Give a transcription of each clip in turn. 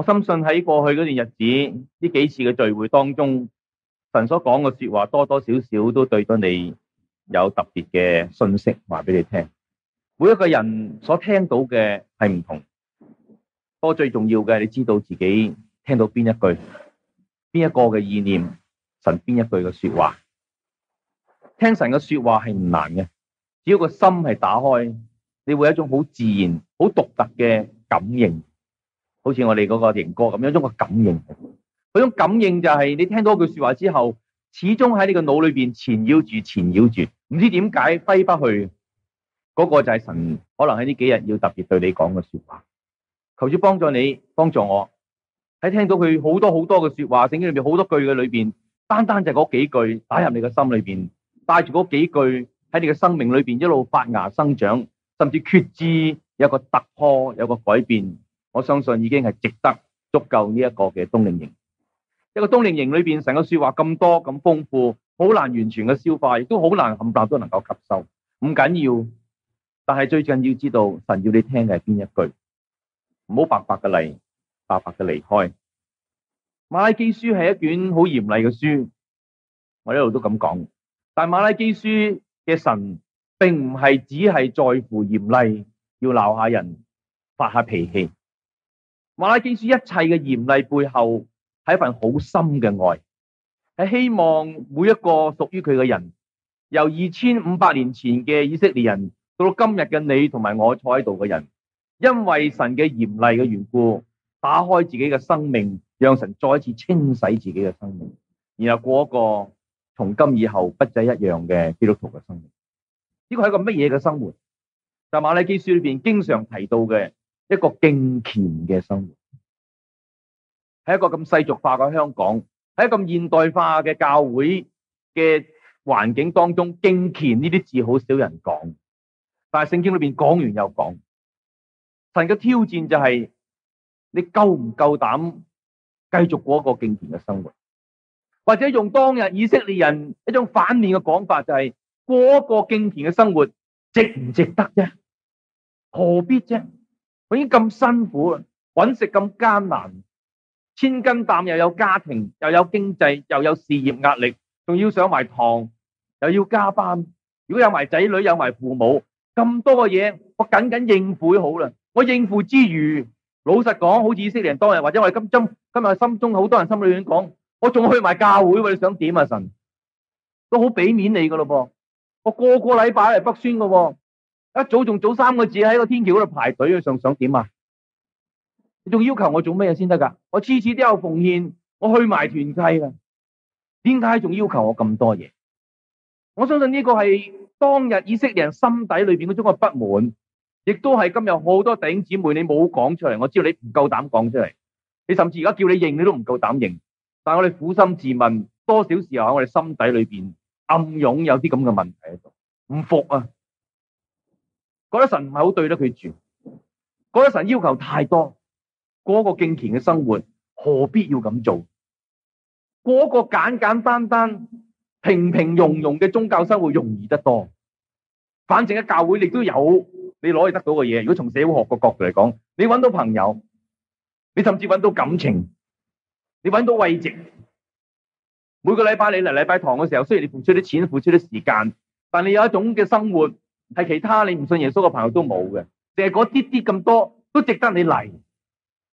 我深信喺過去嗰段日子，呢幾次嘅聚會當中，神所講嘅說話多多少少都對到你有特別嘅信息，話俾你聽。每一個人所聽到嘅係唔同，不過最重要嘅係，你知道自己聽到邊一句，邊一個嘅意念，神邊一句嘅說話。聽神嘅說話係唔難嘅，只要個心係打開，你會有一種好自然、好獨特嘅感應。好似我哋嗰個靈哥咁樣，嗰種感應，嗰種感應就係、是、你聽到句說話之後，始終喺你個腦裏邊纏繞住、纏繞住，唔知點解揮不去。嗰、那個就係神，可能喺呢幾日要特別對你講嘅說話，求主幫助你，幫助我喺聽到佢好多好多嘅說話，聖經裏邊好多句嘅裏邊，單單就嗰幾句打入你嘅心裏邊，帶住嗰幾句喺你嘅生命裏邊一路發芽生長，甚至決志有個突破，有個改變。我相信已經係值得足夠呢一個嘅冬令營。一個冬令營裏邊成個說話咁多咁豐富，好難完全嘅消化，亦都好難冚唪唥都能夠吸收。唔緊要，但係最緊要知道神要你聽嘅係邊一句，唔好白白嘅嚟，白白嘅離開。馬拉基書係一卷好嚴厲嘅書，我一路都咁講。但馬拉基書嘅神並唔係只係在乎嚴厲，要鬧下人，發下脾氣。馬拉基書一切嘅嚴厲背後，係一份好深嘅愛，係希望每一個屬於佢嘅人，由二千五百年前嘅以色列人，到今日嘅你同埋我坐喺度嘅人，因為神嘅嚴厲嘅緣故，打開自己嘅生命，讓神再一次清洗自己嘅生命，然後過一個從今以後不再一樣嘅基督徒嘅生命。呢個係一個乜嘢嘅生活？就馬拉基書裏面經常提到嘅。一個敬虔嘅生活，喺一個咁世俗化嘅香港，喺一個咁現代化嘅教會嘅環境當中，敬虔呢啲字好少人講，但係聖經裏邊講完又講，神嘅挑戰就係你夠唔夠膽繼續過一個敬虔嘅生活，或者用當日以色列人一種反面嘅講法就係，過一個敬虔嘅生活值唔值得啫？何必啫？我已經咁辛苦啦，搵食咁艱難，千斤擔，又有家庭，又有經濟，又有事業壓力，仲要上埋堂，又要加班。如果有埋仔女，有埋父母，咁多嘢，我緊緊應付好啦。我應付之餘，老實講，好似以色列人當日，或者我哋今今今日心中好多人心裏邊講，我仲去埋教會，你想點啊？神都好俾面你噶咯噃，我個個禮拜係北宣噶喎。一早仲早三個字喺個天橋度排隊，仲想點啊？你仲要求我做咩先得噶？我次次都有奉獻，我去埋團契㗎。點解仲要求我咁多嘢？我相信呢個係當日以色列人心底裏邊嗰種嘅不滿，亦都係今日好多弟兄姊妹你冇講出嚟，我知道你唔夠膽講出嚟。你甚至而家叫你認，你都唔夠膽認。但係我哋苦心自問，多少時候喺我哋心底裏邊暗湧有啲咁嘅問題喺度，唔服啊！覺得神唔係好對得佢住，覺得神要求太多，嗰個敬虔嘅生活何必要咁做？嗰個簡簡單單、平平庸庸嘅宗教生活容易得多。反正喺教會亦都有你攞嚟得到嘅嘢。如果從社會學嘅角度嚟講，你搵到朋友，你甚至搵到感情，你搵到慰藉。每個禮拜你嚟禮拜堂嘅時候，雖然你付出啲錢、付出啲時間，但你有一種嘅生活。係其他你唔信耶穌嘅朋友都冇嘅，淨係嗰啲啲咁多都值得你嚟。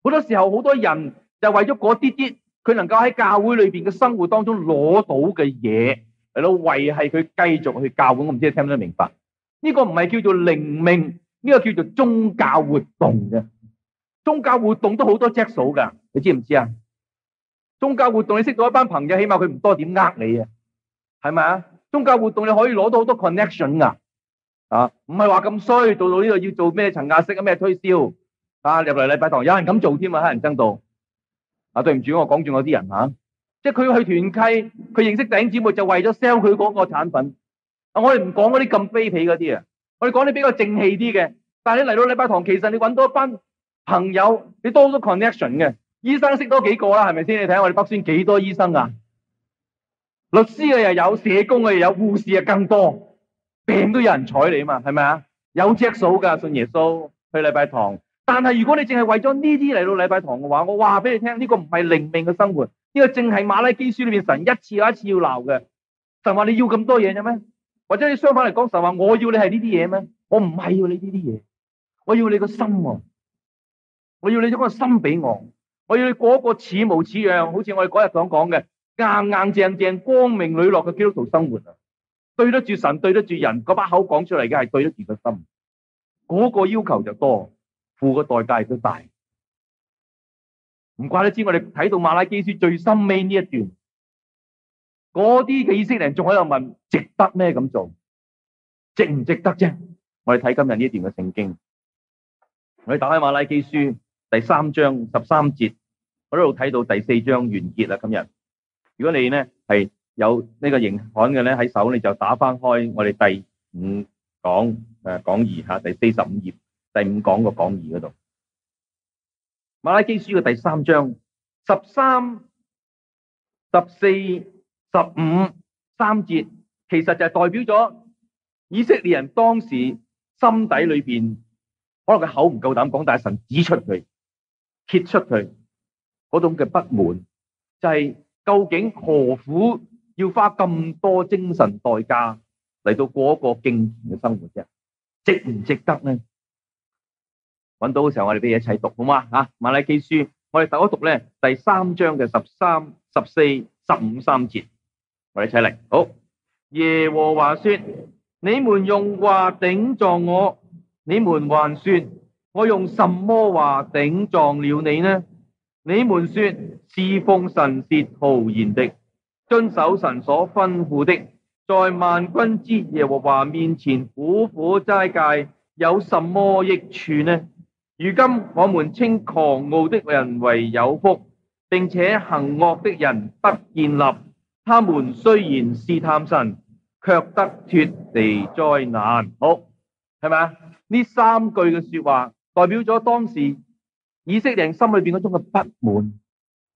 好多時候，好多人就為咗嗰啲啲，佢能夠喺教會裏面嘅生活當中攞到嘅嘢，係咯，維繫佢繼續去教會。我唔知你聽唔聽得明白？呢個唔係叫做靈命，呢個叫做宗教活動嘅。宗教活動都好多質素㗎，你知唔知啊？宗教活動你識到一班朋友，起碼佢唔多點呃你啊，係咪啊？宗教活動你可以攞到好多 connection 啊。啊，唔係話咁衰，做到呢度要做咩層壓式啊，咩推銷啊，入嚟禮拜堂有人咁做添啊，黑人憎到啊，對唔住我講住我啲人吓、啊，即係佢要去團契，佢認識弟兄姊妹就為咗 sell 佢嗰個產品。啊、我哋唔講嗰啲咁卑鄙嗰啲，我哋講啲比較正氣啲嘅。但係你嚟到禮拜堂，其實你搵多一班朋友，你多咗 connection 嘅，醫生識多幾個啦，係咪先？你睇下我哋北宣幾多醫生啊，律師的又有，社工啊又有，護士啊更多。病都有人睬你啊嘛，係咪啊？有隻數噶，信耶穌去禮拜堂。但係如果你淨係為咗呢啲嚟到禮拜堂嘅話，我話俾你聽，呢、這個唔係靈命嘅生活，呢、這個淨係馬拉基書裏面神一次又一次要鬧嘅。神話你要咁多嘢啫咩？或者你相反嚟講，神話我要你係呢啲嘢咩？我唔係要你呢啲嘢，我要你個心啊！我要你將個心俾、啊、我，我，我要你過一個似模似樣，好似我哋嗰日所講嘅硬硬正正、光明磊落嘅基督徒生活啊！對得住神，對得住人，嗰把口講出嚟嘅係對得住個心，嗰個要求就多，付個代價亦都大。唔怪得之，我哋睇到馬拉基書最深尾呢一段，嗰啲嘅以色列人仲喺度問：值得咩咁做？值唔值得啫？我哋睇今日呢一段嘅聖經，我哋打開馬拉基書第三章十三節，我喺度睇到第四章完結啦。今日，如果你呢係。有呢個形態嘅，咧喺手，你就打翻開我哋第五講誒講義吓，第四十五頁第五講個講義嗰度，馬拉基書嘅第三章十三、十四、十五三節，其實就係代表咗以色列人當時心底裏邊，可能佢口唔夠膽講，但係神指出佢、揭出佢嗰種嘅不滿，就係究竟何苦？要花咁多精神代價嚟到過一個敬虔嘅生活啫，值唔值得呢？揾到嘅時候，我哋俾你一齊讀好嘛？吓，馬拉基書，我哋讀一讀咧第三章嘅十三、十四、十五三節，我哋一齊嚟。好，耶和華說：你們用話頂撞我，你們還說：我用什麼話頂撞了你呢？你們說侍奉神是徒然的。遵守神所吩咐的，在萬軍之耶和華面前苦苦齋戒，有什麼益處呢？如今我們稱狂傲的人為有福，並且行惡的人得建立。他們雖然試探神，卻得脫離災難。好，係咪啊？呢三句嘅說話，代表咗當時以色列人心裏邊嗰種嘅不滿，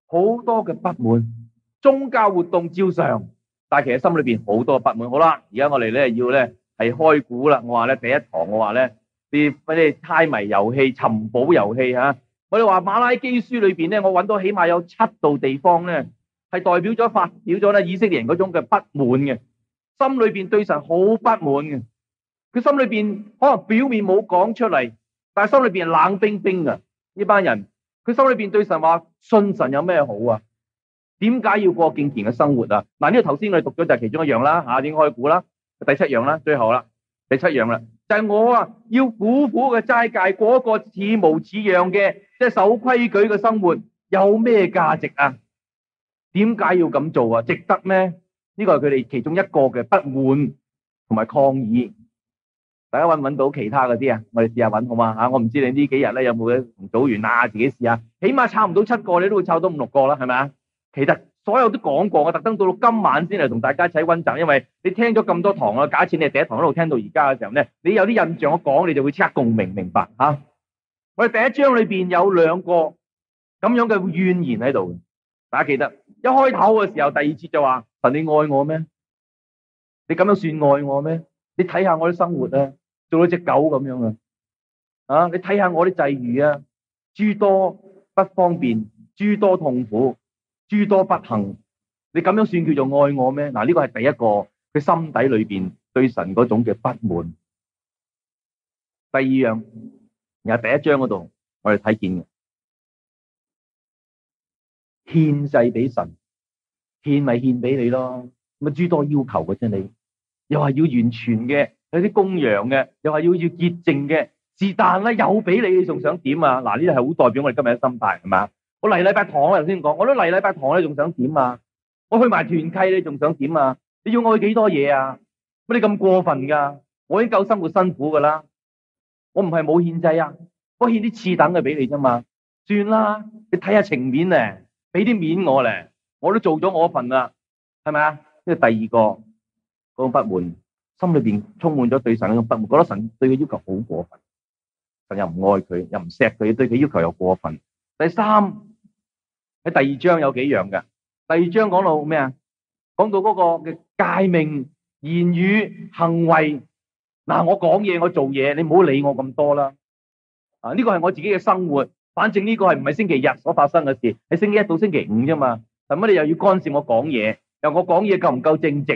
好多嘅不滿。宗教活動照常，但其實心裏邊好多不滿。好啦，而家我哋咧要咧係開估啦。我話咧第一堂我話咧，啲即係猜謎遊戲、尋寶遊戲吓、啊。我哋話馬拉基書裏邊咧，我搵到起碼有七度地方咧，係代表咗發表咗咧以色列人嗰種嘅不滿嘅，心裏邊對神好不滿嘅。佢心裏邊可能表面冇講出嚟，但係心裏邊冷冰冰嘅呢班人。佢心裏邊對神話信神有咩好啊？點解要過敬虔嘅生活啊？嗱，呢個頭先我哋讀咗就係其中一樣啦，吓，點開估啦，第七樣啦，最後啦，第七樣啦，就係、是、我啊要苦苦嘅齋戒過一個似模似樣嘅，即係守規矩嘅生活，有咩價值啊？點解要咁做啊？值得咩？呢、這個係佢哋其中一個嘅不滿同埋抗議。大家搵唔搵到其他嗰啲啊？我哋試下搵好嘛？吓，我唔知你呢幾日咧有冇同組員啊？自己試下，起碼湊唔到七個，你都會湊到五六個啦，係咪啊？其實所有都講過，我特登到到今晚先嚟同大家一齊溫習，因為你聽咗咁多堂啊，假設你第一堂一路聽到而家嘅時候呢，你有啲印象我，我講你就會立刻共鳴，明白、啊、我哋第一章裏面有兩個咁樣嘅怨言喺度，大家記得一開頭嘅時候，第二節就話神，你愛我咩？你咁樣算愛我咩？你睇下我啲生活啊，做咗隻狗咁樣啊？啊，你睇下我啲際遇啊，諸多不方便，諸多痛苦。諸多不幸，你咁樣算叫做愛我咩？嗱，呢個係第一個佢心底裏邊對神嗰種嘅不滿。第二樣，然後第一章嗰度我哋睇見嘅獻祭俾神，獻咪獻俾你咯，咁啊諸多要求嘅啫，你又係要完全嘅，有啲公羊嘅，又係要要潔淨嘅，是但啦，有俾你，你仲想點啊？嗱，呢啲係好代表我哋今日嘅心態，係咪？我嚟禮拜堂啊，頭先講，我都嚟禮拜堂，你仲想點啊？我去埋團契你仲想點啊？你要我去幾多嘢啊？乜你咁過分噶？我已經夠生活辛苦噶啦，我唔係冇獻祭啊，我獻啲次等嘅俾你啫嘛。算啦，你睇下情面咧，俾啲面我咧，我都做咗我份啦，係咪啊？呢個第二個嗰種不滿，心裏邊充滿咗對神嘅不滿，覺得神對佢要求好過分，神又唔愛佢，又唔錫佢，對佢要求又過分。第三。喺第二章有幾樣嘅。第二章講到咩啊？講到嗰個嘅誡命言語行為。嗱、啊，我講嘢我做嘢，你唔好理我咁多啦。啊，呢個係我自己嘅生活，反正呢個係唔係星期日所發生嘅事，你星期一到星期五啫嘛。點解你又要干涉我講嘢？又我講嘢夠唔夠正直？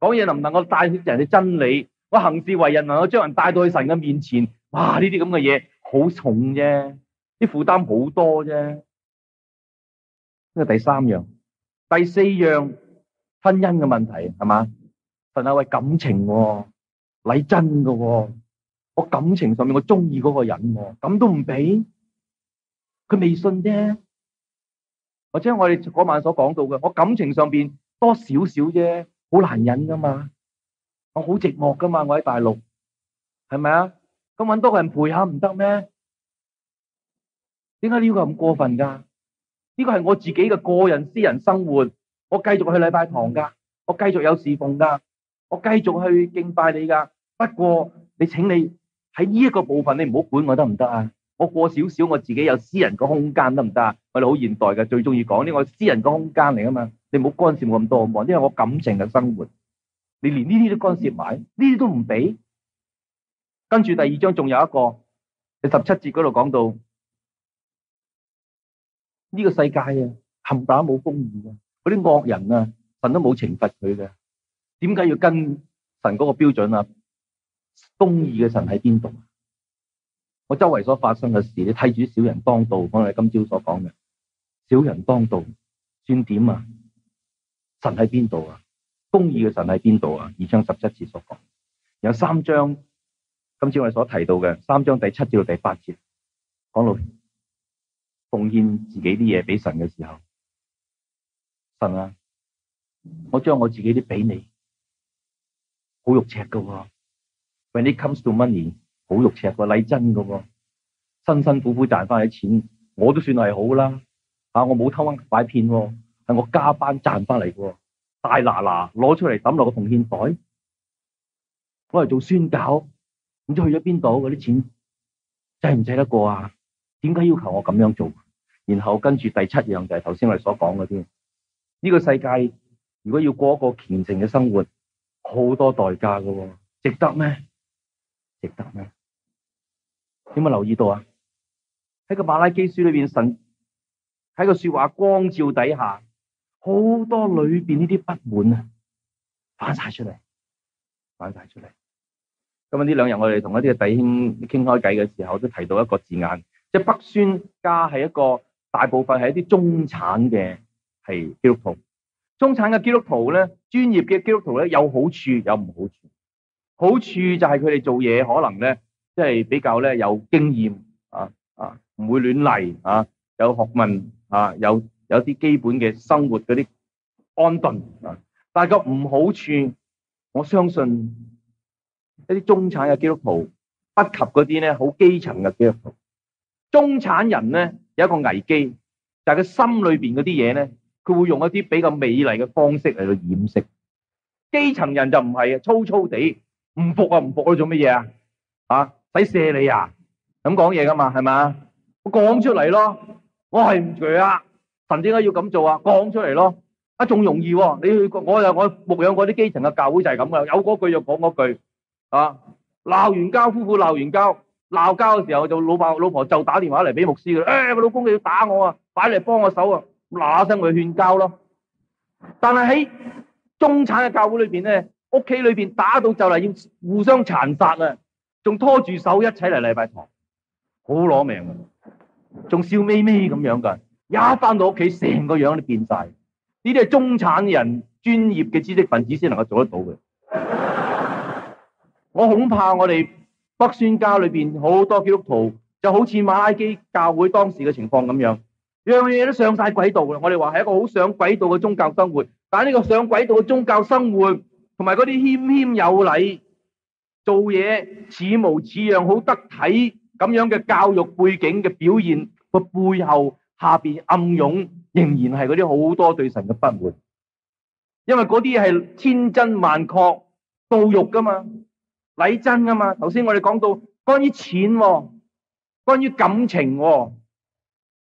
講嘢能唔能夠帶出人嘅真理？我行事為人能唔能夠將人帶到去神嘅面前？哇！呢啲咁嘅嘢好重啫，啲負擔好多啫。呢個第三樣，第四樣，婚姻嘅問題係嘛？神啊喂，感情喎，嚟真噶喎，我感情上面我中意嗰個人，咁都唔俾？佢未信啫，或者我哋嗰晚所講到嘅，我感情上邊多少少啫，好難忍噶嘛，我好寂寞噶嘛，我喺大陸係咪啊？咁搵多個人陪下唔得咩？點解要求咁過分噶？呢個係我自己嘅個人私人生活，我繼續去禮拜堂噶，我繼續有侍奉噶，我繼續去敬拜你噶。不過你請你喺呢一個部分，你唔好管我得唔得啊？我過少少，我自己有私人個空間得唔得啊？我哋好現代嘅，最中意講呢個私人個空間嚟噶嘛？你唔好干涉我咁多，呢啲係我感情嘅生活，你連呢啲都干涉埋，呢啲都唔俾。跟住第二章仲有一個，喺十七節嗰度講到。呢、這個世界啊，冚打冇公義啊！嗰啲惡人啊，神都冇懲罰佢嘅。點解要跟神嗰個標準啊？公義嘅神喺邊度啊？我周圍所發生嘅事，你睇住小人當道，可能係今朝所講嘅小人當道，算點啊？神喺邊度啊？公義嘅神喺邊度啊？二章十七次所講，有三章，今朝我哋所提到嘅三章第七至第八節講到。奉獻自己啲嘢俾神嘅時候，神啊，我將我自己啲俾你，好肉赤噶喎。When it comes to money，好肉赤個禮真噶喎，辛辛苦苦賺翻啲錢，我都算係好啦。啊，我冇偷揾拐騙，係我加班賺翻嚟個，大拿拿攞出嚟抌落個奉獻袋，攞嚟做宣教，唔知去咗邊度嗰啲錢，制唔制得過啊？點解要求我咁樣做？然後跟住第七樣就係頭先我哋所講嗰啲，呢個世界如果要過一個虔誠嘅生活，好多代價噶，值得咩？值得咩？點解留意到啊？喺個馬拉基書裏邊，神喺個說話光照底下，好多裏邊呢啲不滿啊，反晒出嚟，反晒出嚟。咁啊，呢兩日我哋同一啲嘅弟兄傾開偈嘅時候，都提到一個字眼，即係北宣家係一個。大部分係一啲中產嘅係基督徒，中產嘅基督徒咧，專業嘅基督徒咧，有好處，有唔好處。好處就係佢哋做嘢可能咧，即係比較咧有經驗啊啊，唔會亂嚟啊，有學問啊，有有啲基本嘅生活嗰啲安頓啊。但個唔好處，我相信一啲中產嘅基督徒不及嗰啲咧好基層嘅基督徒。中產人咧有一個危機，就係、是、佢心裏邊嗰啲嘢咧，佢會用一啲比較美麗嘅方式嚟到掩飾。基層人就唔係啊，粗粗地，唔服啊，唔服咧做乜嘢啊？啊，使射你啊，咁講嘢㗎嘛，係咪？我講出嚟咯，我係唔住啊！神點解要咁做啊？講出嚟咯，啊仲容易喎，啊！你去，我又我，我牧養過啲基層嘅教會就係咁㗎，有嗰句就講嗰句啊，鬧完交，夫婦鬧完交。鬧交嘅時候就老伯老婆就打電話嚟俾牧師啦，誒、哎，我老公佢要打我啊，快嚟幫我手啊，嗱聲我去勸交咯。但係喺中產嘅教會裏邊咧，屋企裏邊打到就嚟要互相殘殺啊，仲拖住手一齊嚟禮拜堂，好攞命啊，仲笑眯眯咁樣噶，一翻到屋企成個樣都變晒。呢啲係中產人專業嘅知識分子先能夠做得到嘅。我恐怕我哋。北宣教裏面好多基督徒，就好似馬拉基教會當時嘅情況咁樣，樣樣嘢都上晒軌道啦。我哋話係一個好上軌道嘅宗教生活，但係呢個上軌道嘅宗教生活，同埋嗰啲謙謙有禮、做嘢似模似樣、好得體咁樣嘅教育背景嘅表現，個背後下面暗湧仍然係嗰啲好多對神嘅不滿，因為嗰啲係千真萬確到肉㗎嘛。禮真啊嘛！頭先我哋講到關於錢、哦，關於感情、哦，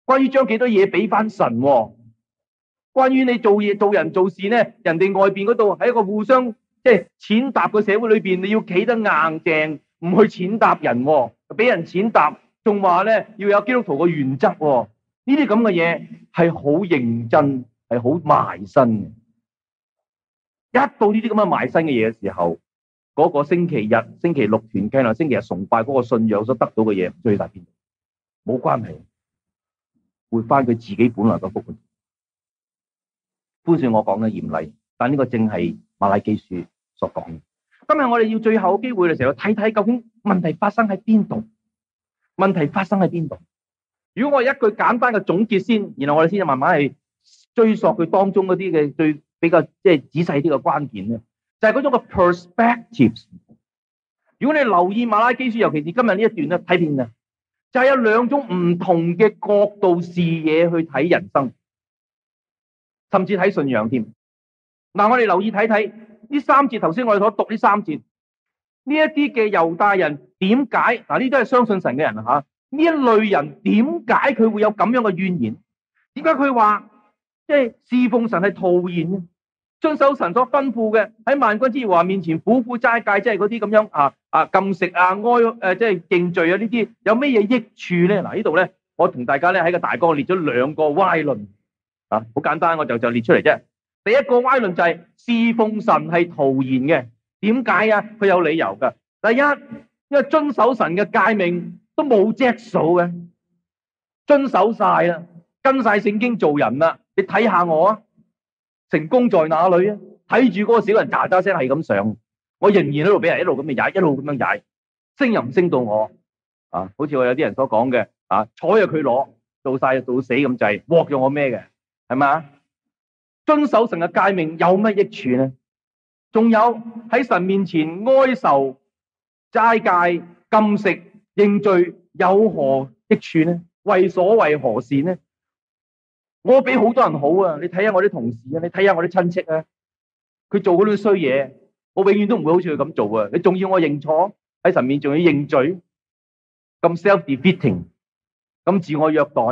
關於將幾多嘢俾返神、哦，關於你做嘢、做人、做事咧，人哋外邊嗰度喺一個互相即係踐踏嘅社會裏邊，你要企得硬淨，唔去踐踏人、哦，俾人踐踏仲話咧要有基督徒嘅原則、哦。呢啲咁嘅嘢係好認真，係好埋身嘅。一到呢啲咁嘅埋身嘅嘢嘅時候。嗰、那個星期日、星期六團契啊，星期日崇拜嗰個信仰所得到嘅嘢，唔大要喺邊度，冇關係，會翻佢自己本來嘅福分。寬恕我講嘅嚴厲，但呢個正係馬拉基書所講嘅。今日我哋要最後機會嘅時候，睇睇究竟問題發生喺邊度？問題發生喺邊度？如果我一句簡單嘅總結先，然後我哋先就慢慢去追溯佢當中嗰啲嘅最比較即係、就是、仔細啲嘅關鍵咧。就係嗰種嘅 perspectives。如果你留意馬拉基書，尤其是今日呢一段咧，睇片啊，就係有兩種唔同嘅角度視野去睇人生，甚至睇信仰添。嗱，我哋留意睇睇呢三節，頭先我哋所讀呢三節，呢一啲嘅猶大人點解嗱？呢都係相信神嘅人吓呢一類人點解佢會有咁樣嘅怨言？點解佢話即係侍、就係、奉神係徒然？遵守神所吩咐嘅喺萬軍之王面前苦苦齋戒，即係嗰啲咁樣啊啊禁食啊哀誒，即係認罪啊呢啲有咩嘢益處呢？嗱呢度呢，我同大家呢，喺個大綱列咗兩個歪論啊，好簡單，我就，就列出嚟啫。第一個歪論就係、是：侍奉神係徒然嘅，點解呀？佢有理由噶。第一，因為遵守神嘅誡命都冇只數嘅，遵守晒啦，跟晒聖經做人啦，你睇下我、啊成功在哪裏啊？睇住嗰個小人喳喳聲係咁上，我仍然喺度俾人一路咁樣踩，一路咁樣踩，升又唔升到我，像我有些人說的啊！好似我有啲人所講嘅啊，彩啊佢攞，做晒做死咁滯，獲咗我咩嘅？係嘛？遵守神嘅誡命有乜益處呢？仲有喺神面前哀愁齋戒禁食認罪，有何益處呢？為所為何事呢？我比好多人好啊！你睇下我啲同事啊，你睇下我啲親戚啊，佢做嗰啲衰嘢，我永遠都唔會好似佢咁做啊！你仲要我認錯喺神面前，仲要認罪，咁 self-defeating，咁自我虐待，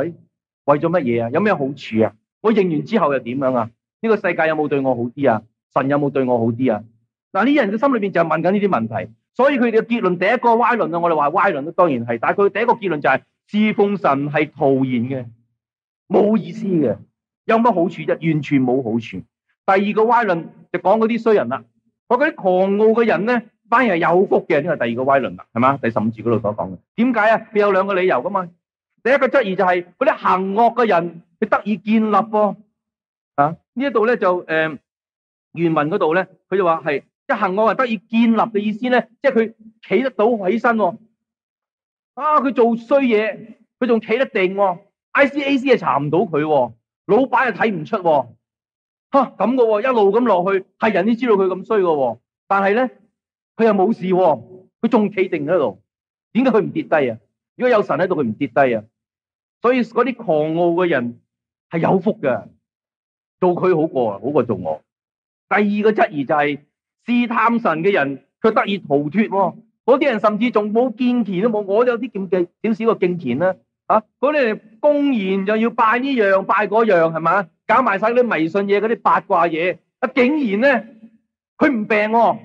為咗乜嘢啊？有咩好處啊？我認完之後又點樣啊？呢個世界有冇對我好啲啊？神有冇對我好啲啊？嗱，呢人嘅心裏面就係問緊呢啲問題，所以佢哋嘅結論第一個歪論啊，我哋話歪論都當然係，但佢第一個結論就係侍奉神係徒然嘅。冇意思嘅，有乜好處啫？完全冇好處。第二個歪論就講嗰啲衰人啦，嗰啲狂傲嘅人呢，反而係有福嘅呢，是第二個歪論啦，係嘛？第十五節嗰度所講嘅，點解啊？佢有兩個理由㗎嘛。第一個質疑就是嗰啲行惡嘅人，佢得以建立、啊啊、這呢一度呢，就、呃、原文嗰度他佢就話係行惡得以建立嘅意思呢，即係佢企得到起身喎、啊，啊佢做衰嘢，佢仲企得定喎、啊。I C A C 係查唔到佢，喎，老闆又睇唔出、哦，喎、啊。咁喎、哦，一路咁落去，係人都知道佢咁衰喎。但係呢，佢又冇事、哦，喎，佢仲企定喺度。點解佢唔跌低呀？如果有神喺度，佢唔跌低呀。所以嗰啲狂傲嘅人係有福嘅，做佢好過啊，好過做我。第二個質疑就係試探神嘅人，佢得以逃脫、哦。嗰啲人甚至仲冇敬虔都冇，我有啲點計？咁少個敬虔啦？啊！嗰啲公然就要拜呢樣拜嗰樣，係嘛？搞埋晒啲迷信嘢、嗰啲八卦嘢。啊！竟然咧，佢唔病喎、哦，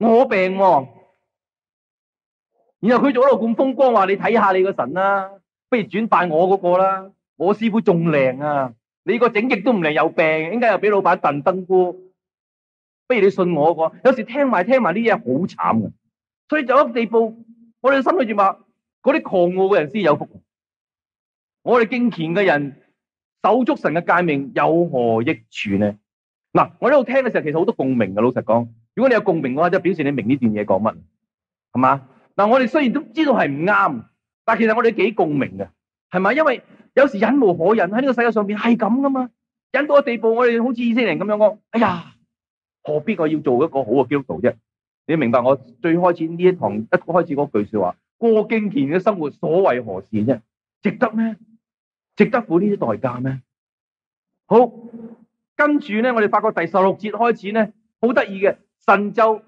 我病喎、哦。然後佢做喺度咁風光，話你睇下你個神啦，不如轉拜我嗰個啦。我師傅仲靚啊！你個整極都唔靚，又病，應該又俾老闆燉冬菇。不如你信我、嗰個。有時聽埋聽埋呢啲嘢好慘嘅，所以就一個地步，我哋心裡就話，嗰啲狂傲嘅人先有福。我哋敬虔嘅人手足神嘅誡命有何益處呢？嗱，我喺度聽嘅時候，其實好多共鳴嘅。老實講，如果你有共鳴嘅話，就表示你明呢段嘢講乜，係嘛？嗱，我哋雖然都知道係唔啱，但其實我哋幾共鳴嘅，係嘛？因為有時忍無可忍喺呢個世界上邊係咁噶嘛，忍到個地步，我哋好似以色列人咁樣講：，哎呀，何必我要做一個好嘅基督徒啫？你明白我最開始呢一堂一開始嗰句說話：，過敬虔嘅生活，所為何事啫？值得咩？值得付呢啲代價咩？好，跟住呢，我哋發覺第十六節開始呢，好得意嘅，神就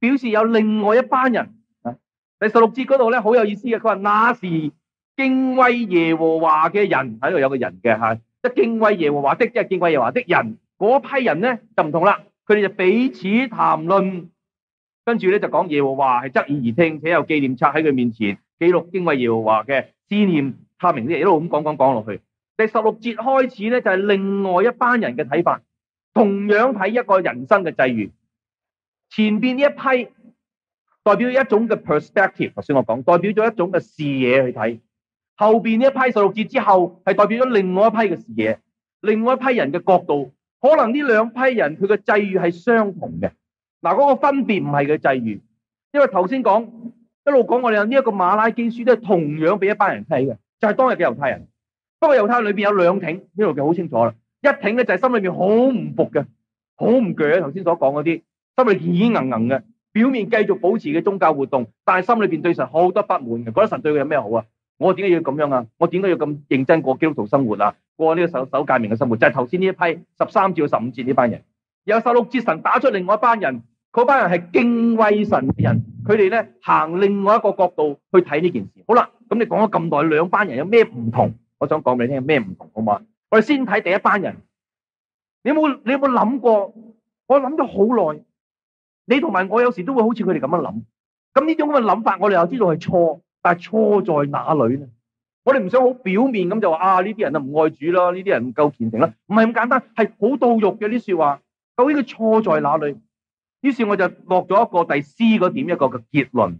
表示有另外一班人。第十六節嗰度呢，好有意思嘅，佢話那時敬畏耶和華嘅人喺度，有個人嘅敬畏耶和華的，即係敬畏耶和華的人。嗰、就是、批人呢，就唔同啦，佢哋就彼此談論，跟住呢，就講耶和華係側耳而，而聽，且有紀念冊喺佢面前記錄敬畏耶和華嘅思念。探明啲嘢，一路咁講講講落去。第十六節開始呢，就係另外一班人嘅睇法，同樣睇一個人生嘅際遇。前面呢一批代表一種嘅 perspective，頭先我講，代表咗一種嘅視野去睇。後面呢一批十六節之後，係代表咗另外一批嘅視野，另外一批人嘅角度。可能呢兩批人佢嘅際遇係相同嘅。嗱，嗰個分別唔係佢嘅際遇，因為頭先講一路講我哋有呢一個馬拉基書，都係同樣俾一班人睇嘅。就是就係當日嘅猶太人，不過猶太人裏面有兩挺呢度嘅好清楚啦，一挺就係心裏面好唔服嘅，好唔鋸啊，頭先所講嗰啲，心裏面軟軟硬硬嘅，表面繼續保持嘅宗教活動，但係心裏面對神好多不滿嘅，覺得神對佢有咩好啊？我點解要咁樣啊？我點解要咁認真過基督徒生活啊？過呢個守守誡命嘅生活？就係頭先呢一批十三至十五節呢班人，有十六節神打出另外一班人，嗰班人係敬畏神嘅人，佢哋呢行另外一個角度去睇呢件事。好啦。咁你講咗咁耐，兩班人有咩唔同？我想講俾你聽，咩唔同好嘛？我哋先睇第一班人。你有冇你有冇諗過？我諗咗好耐。你同埋我有時都會好似佢哋咁樣諗。咁呢種咁嘅諗法，我哋又知道係錯，但係錯在哪裏呢？我哋唔想好表面咁就話啊！呢啲人啊唔愛主啦，呢啲人唔夠虔誠啦，唔係咁簡單，係好到肉嘅啲說話。究竟佢錯在哪裏？於是我就落咗一個第 C 嗰點一個嘅結論。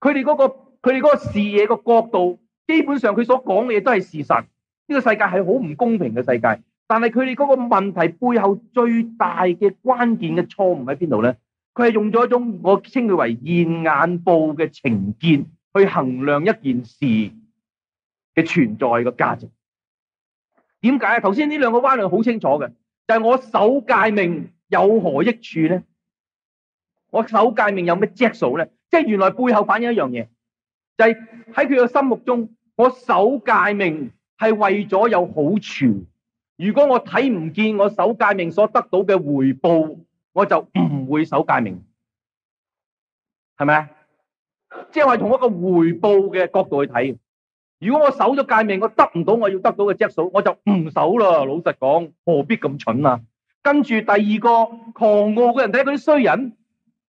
佢哋嗰個佢哋嗰個視野個角度，基本上佢所講嘅嘢都係事實。呢個世界係好唔公平嘅世界，但係佢哋嗰個問題背後最大嘅關鍵嘅錯誤喺邊度呢？佢係用咗一種我稱佢為現眼報嘅情結去衡量一件事嘅存在嘅價值。點解啊？頭先呢兩個灣論好清楚嘅，就係我守誡命有何益處呢？我守誡命有咩著數呢？即係原來背後反映一樣嘢。就係喺佢嘅心目中，我守戒命係為咗有好處。如果我睇唔見我守戒命所得到嘅回報，我就唔會守戒命，係咪？即、就係話從一個回報嘅角度去睇，如果我守咗戒命，我得唔到我要得到嘅著數，我就唔守啦。老實講，何必咁蠢啊？跟住第二個狂傲嘅人，睇佢啲衰人，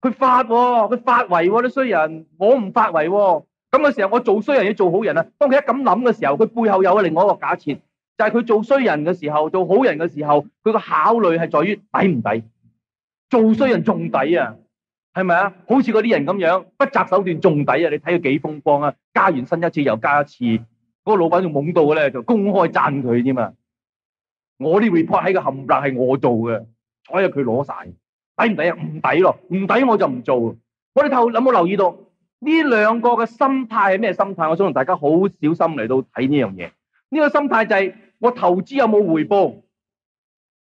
佢發、啊，佢發圍、啊，啲衰人，我唔發圍、啊。咁嘅時候，我做衰人要做好人啊！當佢一咁諗嘅時候，佢背後有另外一個假設，就係、是、佢做衰人嘅時候，做好人嘅時候，佢個考慮係在於抵唔抵？做衰人仲抵呀？係咪呀？好似嗰啲人咁樣不擇手段仲抵呀。你睇佢幾風光呀，加完新一次又加一次，嗰、那個老闆仲懵到嘅咧，就公開讚佢啫嘛。我啲 report 喺個冚唪唥係我做嘅，睇下佢攞晒，抵唔抵呀？唔抵咯，唔抵我就唔做了。我哋睇下有冇留意到？呢兩個嘅心態係咩心態？我想同大家好小心嚟到睇呢樣嘢。呢、這個心態就係、是、我投資有冇回報，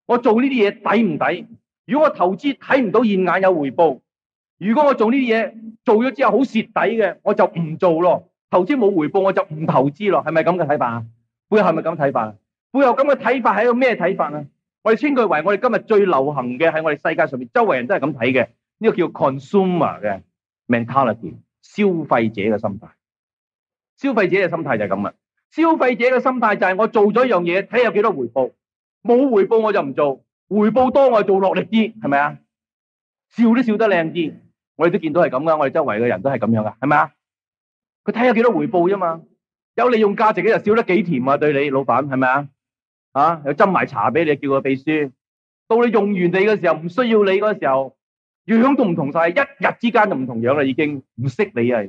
我做呢啲嘢抵唔抵？如果我投資睇唔到現眼有回報，如果我做呢啲嘢做咗之後好蝕底嘅，我就唔做囉。投資冇回報我就唔投資囉。係咪咁嘅睇法？背後係咪咁睇法？背後咁嘅睇法係一個咩睇法呢？我哋稱佢為我哋今日最流行嘅喺我哋世界上面，周圍人都係咁睇嘅。呢、這個叫 consumer 嘅 mentality。消費者嘅心態，消費者嘅心態就係咁啦。消費者嘅心態就係我做咗一樣嘢，睇有幾多回報，冇回報我就唔做，回報多我就做落力啲，係咪啊？笑都笑得靚啲，我哋都見到係咁嘅，我哋周圍嘅人都係咁樣噶，係咪啊？佢睇下幾多回報啫嘛，有利用價值嘅就笑得幾甜啊，對你老闆係咪啊？有斟埋茶畀你，叫個秘書，到你用完你嘅時候，唔需要你嘅時候。樣樣都唔同就係一日之間就唔同樣啦，已經唔識你啊！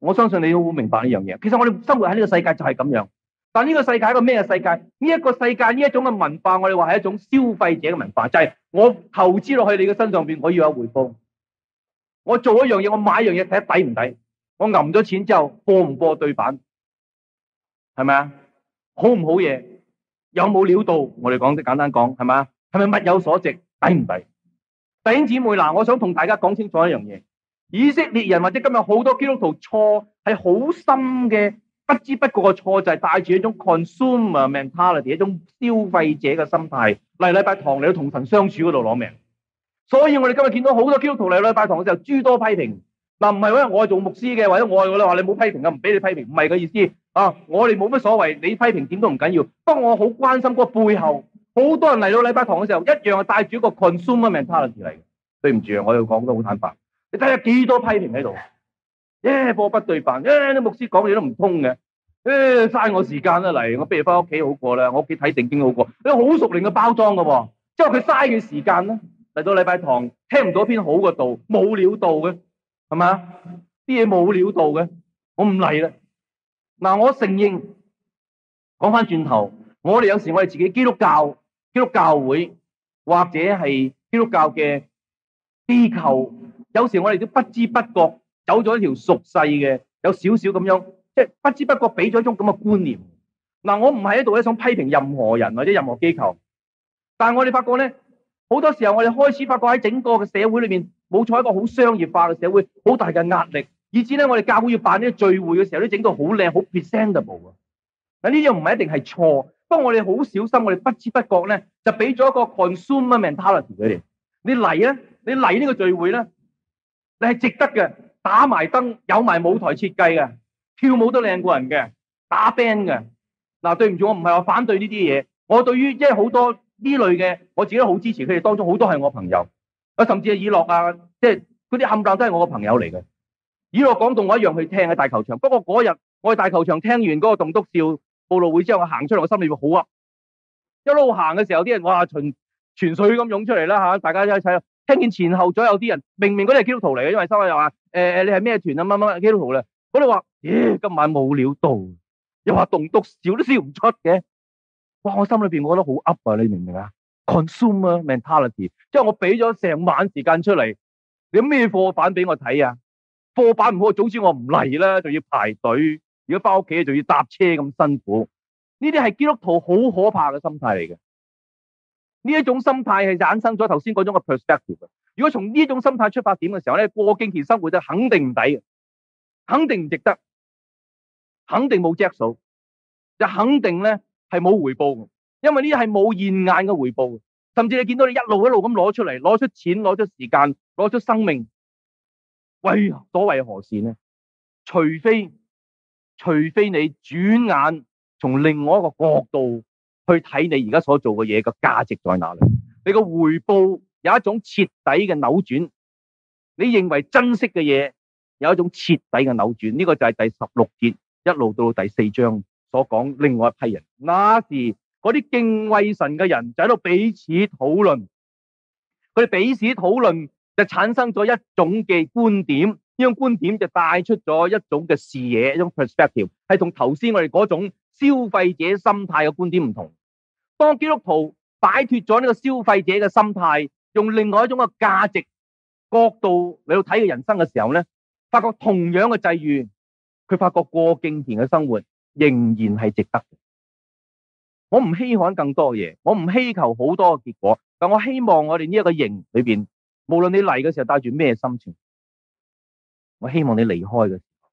我相信你都會明白呢樣嘢。其實我哋生活喺呢個世界就係咁樣。但呢個世界係一個咩世界？呢、這、一個世界呢一種嘅文化，我哋話係一種消費者嘅文化，就係、是、我投資落去你嘅身上面，我要有回報。我做一樣嘢，我買一樣嘢睇得抵唔抵？我揞咗錢之後，過唔過對版？係咪？好唔好嘢？有冇料到？我哋講得簡單講，係咪啊？係咪物有所值？抵唔抵？弟兄姊妹，我想同大家講清楚一樣嘢：以色列人或者今日好多基督徒錯係好深嘅不知不覺嘅錯，就係帶住一種 consumer mentality 一種消費者嘅心態嚟禮拜堂，嚟到同神相處嗰度攞命。所以我哋今日見到好多基督徒嚟到禮拜堂嘅時候，諸多批評嗱，唔係我係做牧師嘅，或者我係我咧話你唔好批評啊，唔俾你批評，唔係個意思啊，我哋冇乜所謂，你批評點都唔緊要。不過我好關心嗰個背後。好多人來到禮拜堂嘅時候，一樣係帶住一個 consumer mentality 來的。對唔住，我要講得好坦白，你睇下幾多批評喺度？耶，yeah，波不對辦，耶，yeah, 牧師講嘢都唔通嘅，耶，嘥我時間來我不如返屋企好過啦，我屋企睇聖經好過。你好熟練嘅包裝嘅、啊，即係佢嘥嘅時間來到禮拜堂聽唔到一篇好嘅道，冇料到嘅，是吧啲嘢冇料到嘅我唔嚟喇。嗱，我承認，講返轉頭，我哋有時我哋自己基督教。基督教會或者係基督教嘅機構，有時我哋都不知不覺走咗一條俗世嘅，有少少咁樣，即係不知不覺俾咗一種咁嘅觀念。嗱，我唔係喺度咧想批評任何人或者任何機構，但係我哋發覺咧，好多時候我哋開始發覺喺整個嘅社會裏面，冇錯，一個好商業化嘅社會，好大嘅壓力，以至咧我哋教會要辦啲聚會嘅時候，都整到好靚、好 presentable。嗱，呢樣唔係一定係錯。不過我哋好小心，我哋不知不覺咧就俾咗一個 consumer mentality 佢哋。你嚟咧，你嚟呢個聚會咧，你係值得嘅，打埋燈，有埋舞台設計嘅，跳舞都靚過人嘅，打 band 嘅。嗱，對唔住，我唔係話反對呢啲嘢，我對於即係好多呢類嘅，我自己都好支持。佢哋當中好多係我朋友，啊，甚至係以樂啊，即係嗰啲冚唪唥都係我嘅朋友嚟嘅。以樂講到，我一樣去聽喺大球場。不過嗰日我喺大球場聽完嗰個棟篤笑。佈道會之後，我行出嚟，我心裏邊好噏。一路行嘅時候，啲人哇，全全水咁湧出嚟啦吓，大家一齊。聽見前後左右啲人，明明嗰啲係基督徒嚟嘅，因為收禮又話：誒、呃，你係咩團啊？乜乜基督徒咧？咁你話，咦？今晚冇料到，又話棟篤笑都笑唔出嘅。哇！我心裏邊我覺得好噏啊，你明唔明啊？Consumer mentality，即係我俾咗成晚時間出嚟，你咩貨辦俾我睇啊？貨辦唔好，早知我唔嚟啦，仲要排隊。如果翻屋企啊，仲要搭車咁辛苦，呢啲係基督徒好可怕嘅心態嚟嘅。呢一種心態係產生咗頭先嗰種嘅 perspective 嘅。如果從呢種心態出發點嘅時候咧，過敬虔生活就肯定唔抵，肯定唔值得，肯定冇質素，就肯定咧係冇回報，因為呢啲係冇現眼嘅回報。甚至你見到你一路一路咁攞出嚟，攞出錢，攞出時間，攞出生命，喂，所為何事呢？除非除非你轉眼從另外一個角度去睇你而家所做嘅嘢嘅價值在哪裏，你個回報有一種徹底嘅扭轉，你認為珍惜嘅嘢有一種徹底嘅扭轉，呢個就係第十六節一路到第四章所講另外一批人，那時嗰啲敬畏神嘅人就喺度彼此討論，佢哋彼此討論就產生咗一種嘅觀點。呢種觀點就帶出咗一種嘅視野，一種 perspective，係同頭先我哋嗰種消費者心態嘅觀點唔同。當基督徒擺脱咗呢個消費者嘅心態，用另外一種嘅價值角度嚟到睇佢人生嘅時候咧，發覺同樣嘅際遇，佢發覺過敬天嘅生活仍然係值得嘅。我唔希罕更多嘢，我唔希求好多嘅結果，但我希望我哋呢一個營裏邊，無論你嚟嘅時候帶住咩心情。我希望你離開嘅時候，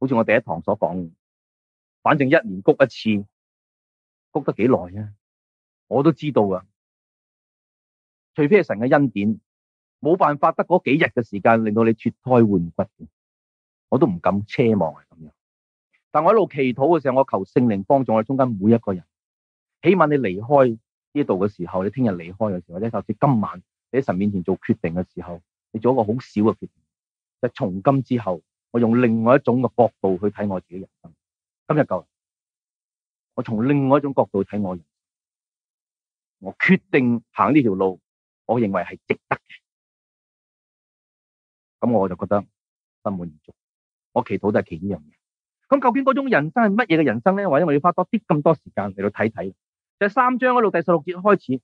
好似我第一堂所講，反正一年谷一次，谷得幾耐啊？我都知道啊，除非係神嘅恩典，冇辦法得嗰幾日嘅時間令到你脱胎換骨，我都唔敢奢望係咁樣。但我一路祈禱嘅時候，我求聖靈幫助我中間每一個人，起碼你離開呢度嘅時候，你聽日離開嘅時候，或者就算今晚你喺神面前做決定嘅時候，你做一個好少嘅決定。就從今之後，我用另外一種嘅角度去睇我自己人生。今日夠啦，我從另外一種角度睇我人生，我決定行呢條路，我認為係值得嘅。咁我就覺得心滿意足。我祈禱就係祈呢樣嘢。咁究竟嗰種人生係乜嘢嘅人生咧？或者我哋要花多啲咁多時間嚟到睇睇。就三章度第十六節開始，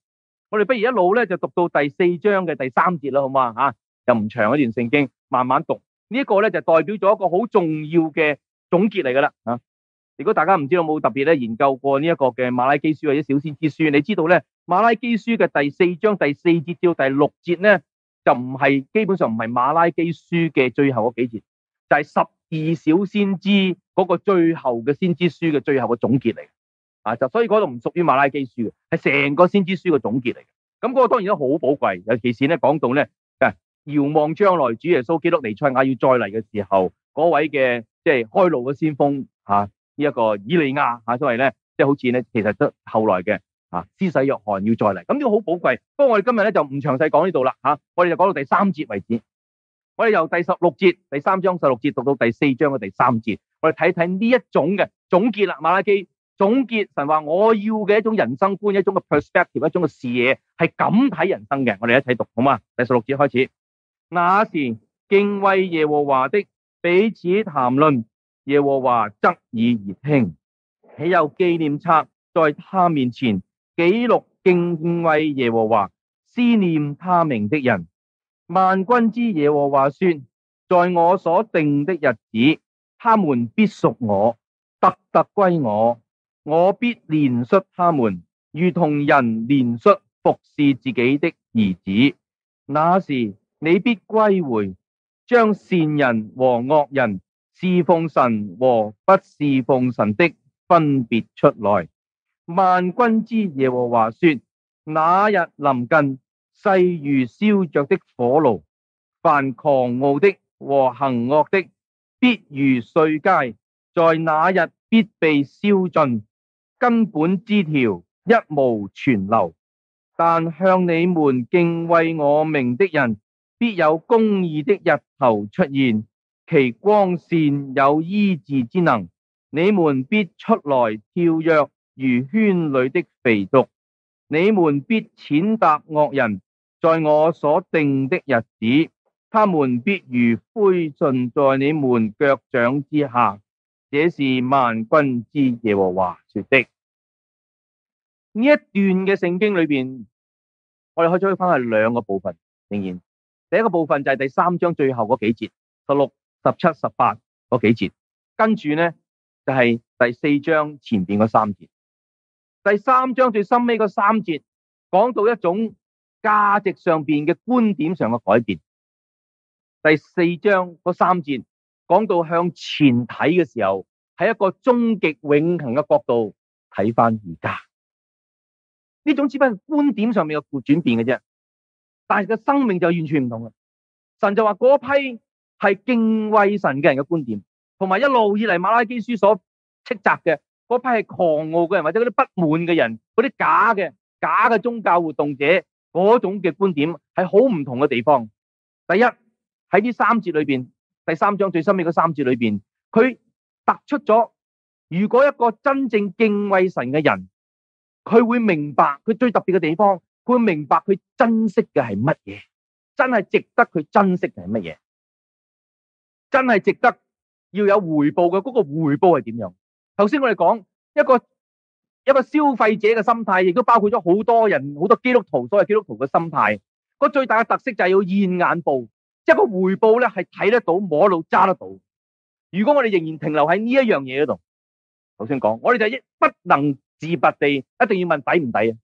我哋不如一路咧就讀到第四章嘅第三節啦，好唔好吓？又唔長一段聖經。慢慢讀、這個、呢一個咧就代表咗一個好重要嘅總結嚟噶啦吓。如果大家唔知道有冇特別咧研究過呢一個嘅馬拉基書或者小先知書，你知道咧馬拉基書嘅第四章第四節到第六節咧就唔係基本上唔係馬拉基書嘅最後嘅幾節，就係、是、十二小先知嗰個最後嘅先知書嘅最後嘅總結嚟。啊，就所以嗰度唔屬於馬拉基書嘅，係成個先知書嘅總結嚟。咁、那、嗰個當然都好寶貴，尤其是咧講到咧。遙望將來，主耶穌基督尼賽亞要再嚟嘅時候，嗰位嘅即開路嘅先鋒吓，呢、這、一個以利亞所以呢，即、就是、好似其實都後來嘅啊，施洗約翰要再嚟，咁都、個、好寶貴。不過我哋今日就唔詳細講呢度啦，我哋就講到第三節為止。我哋由第十六節第三章十六節讀到第四章嘅第三節，我哋睇睇呢一種嘅總結啦，馬拉基總結神話我要嘅一種人生觀，一種嘅 perspective，一種嘅視野係咁睇人生嘅。我哋一齊讀好嘛？第十六節開始。那時敬畏耶和華的彼此談論，耶和華側耳而聽，豈有紀念冊在他面前記錄敬畏耶和華、思念他名的人？萬軍之耶和華說：在我所定的日子，他們必屬我，特特歸我，我必憐恤他們，如同人憐恤服侍自己的兒子。那時。你必歸回，將善人和惡人、侍奉神和不侍奉神的分別出來。萬軍之耶和華說：那日臨近，世如燒着的火爐，凡狂傲的和行惡的必如碎秸，在那日必被燒盡，根本枝條一無存留。但向你們敬畏我名的人，必有公義的日頭出現，其光線有醫治之能。你們必出來跳躍，如圈裏的肥犢；你們必踐踏惡人，在我所定的日子，他們必如灰燼在你們腳掌之下。這是萬軍之耶和華說的。呢一段嘅聖經裏邊，我哋可以將佢分為兩個部分，仍然。第一個部分就係第三章最後嗰幾節，十六、十七、十八嗰幾節，跟住咧就係、是、第四章前邊嗰三節。第三章最深尾嗰三節講到一種價值上邊嘅觀點上嘅改變，第四章嗰三節講到向前睇嘅時候，喺一個終極永恆嘅角度睇翻而家呢種只不過係觀點上面嘅轉變嘅啫。但係個生命就完全唔同啦。神就話嗰批係敬畏神嘅人嘅觀點，同埋一路以嚟馬拉基書所斥責嘅嗰批係狂傲嘅人或者嗰啲不滿嘅人，嗰啲假嘅假嘅宗教活動者嗰種嘅觀點係好唔同嘅地方。第一喺呢三節裏邊，第三章最深尾嗰三節裏邊，佢突出咗如果一個真正敬畏神嘅人，佢會明白佢最特別嘅地方。佢明白佢珍惜嘅係乜嘢，真係值得佢珍惜嘅係乜嘢，真係值得要有回報嘅嗰個回報係點樣？頭先我哋講一個一個消費者嘅心態，亦都包括咗好多人、好多基督徒，所謂基督徒嘅心態個最大嘅特色就係要現眼報，即係個回報咧係睇得到、摸到、揸得到。如果我哋仍然停留喺呢一樣嘢嗰度，頭先講我哋就係不能自拔地一定要問抵唔抵啊！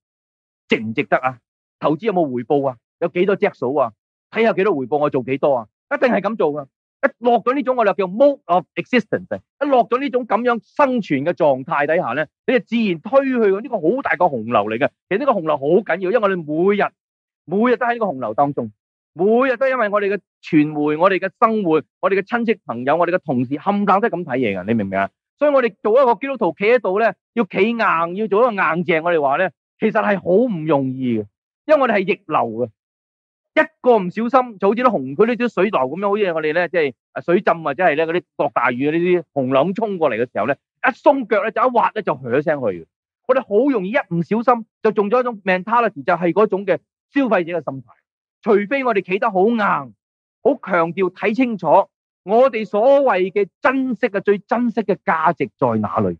值唔值得啊？投資有冇回報啊？有幾多隻數啊？睇下幾多回報，我做幾多啊？一定係咁做噶。一落咗呢種，我哋叫 mode of existence。一落咗呢種咁樣生存嘅狀態底下咧，你就自然推去呢個好大個洪流嚟嘅。其實呢個洪流好緊要，因為我哋每日每日都喺呢個洪流當中，每日都因為我哋嘅傳媒、我哋嘅生活、我哋嘅親戚朋友、我哋嘅同事冚唪唥都係咁睇嘢嘅，你明唔明啊？所以我哋做一個基督徒企喺度咧，要企硬，要做一個硬淨。我哋話咧。其實係好唔容易嘅，因為我哋係逆流嘅，一個唔小心就好似啲紅區啲啲水流咁樣，好似我哋咧即係水浸或者係咧嗰啲落大雨啊呢啲洪浪衝過嚟嘅時候咧，一鬆腳咧就一滑咧就嘭一聲去嘅，我哋好容易一唔小心就中咗一種 mentality，就係嗰種嘅消費者嘅心態。除非我哋企得好硬，好強調睇清楚我哋所謂嘅珍惜嘅最珍惜嘅價值在哪裡。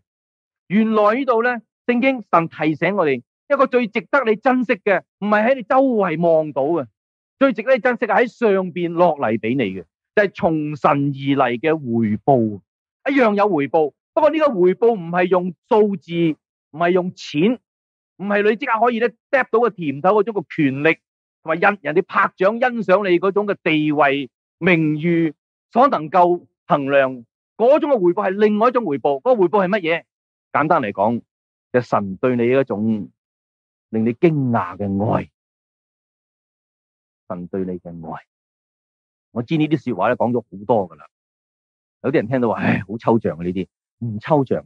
原來呢度咧，聖經神提醒我哋。一個最值得你珍惜嘅，唔係喺你周圍望到嘅，最值得你珍惜嘅，喺上邊落嚟俾你嘅，就係從神而嚟嘅回報，一樣有回報。不過呢個回報唔係用數字，唔係用錢，唔係你即刻可以咧嗒到嘅甜頭，嗰種嘅權力同埋人人哋拍掌欣賞你嗰種嘅地位、名譽所能夠衡量嗰種嘅回報係另外一種回報。嗰個回報係乜嘢？簡單嚟講，就神對你一種，令你驚訝嘅愛，神對你嘅愛，我知呢啲說話咧講咗好多㗎喇，有啲人聽到話，唉，好抽象啊呢啲。唔抽象，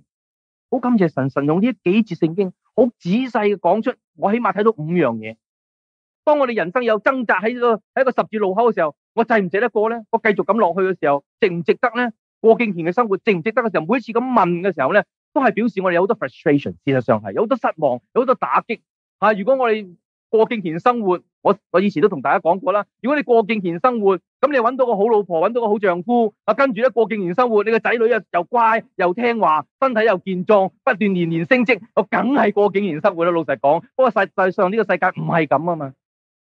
好感謝神，神用呢幾節聖經好仔細嘅講出，我起碼睇到五樣嘢。當我哋人生有掙扎，喺個喺一個十字路口嘅時候，我值唔值得過咧，我繼續咁落去嘅時候，值唔值得咧？過敬虔嘅生活值唔值得嘅時候，每一次咁問嘅時候咧，都係表示我哋有好多 frustration，事實上係有好多失望，有好多打擊。如果我哋過敬虔生活，我我以前都同大家講過啦。如果你過敬虔生活，咁你揾到個好老婆，揾到個好丈夫，啊跟住咧過敬虔生活，你個仔女又又乖又聽話，身體又健壯，不斷年年升職，我梗係過敬虔生活啦。老實講，不過實際上呢個世界唔係咁啊嘛。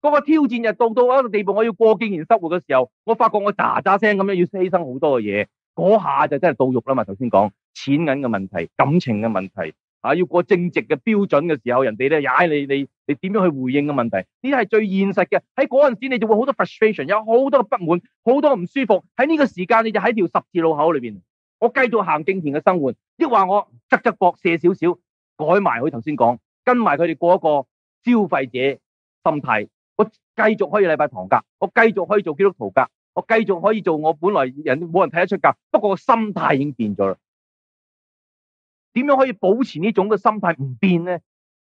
嗰個挑戰就到到一個地步，我要過敬虔生活嘅時候，我發覺我喳喳聲咁樣要犧牲好多嘅嘢，嗰下就真係到肉啦嘛。頭先講錢銀嘅問題，感情嘅問題。啊！要過正直嘅標準嘅時候，人哋咧踩你，你你點樣去回應嘅問題？呢啲係最現實嘅。喺嗰陣時，你就會好多 frustration，有好多嘅不滿，好多唔舒服。喺呢個時間，你就喺條十字路口裏邊，我繼續行正田嘅生活，抑或我側側膊卸少少，改埋佢頭先講，跟埋佢哋過一個消費者心態。我繼續可以禮拜堂格，我繼續可以做基督徒格，我繼續可以做我本來人冇人睇得出格，不過我心態已經變咗啦。點樣可以保持呢種嘅心態唔變呢？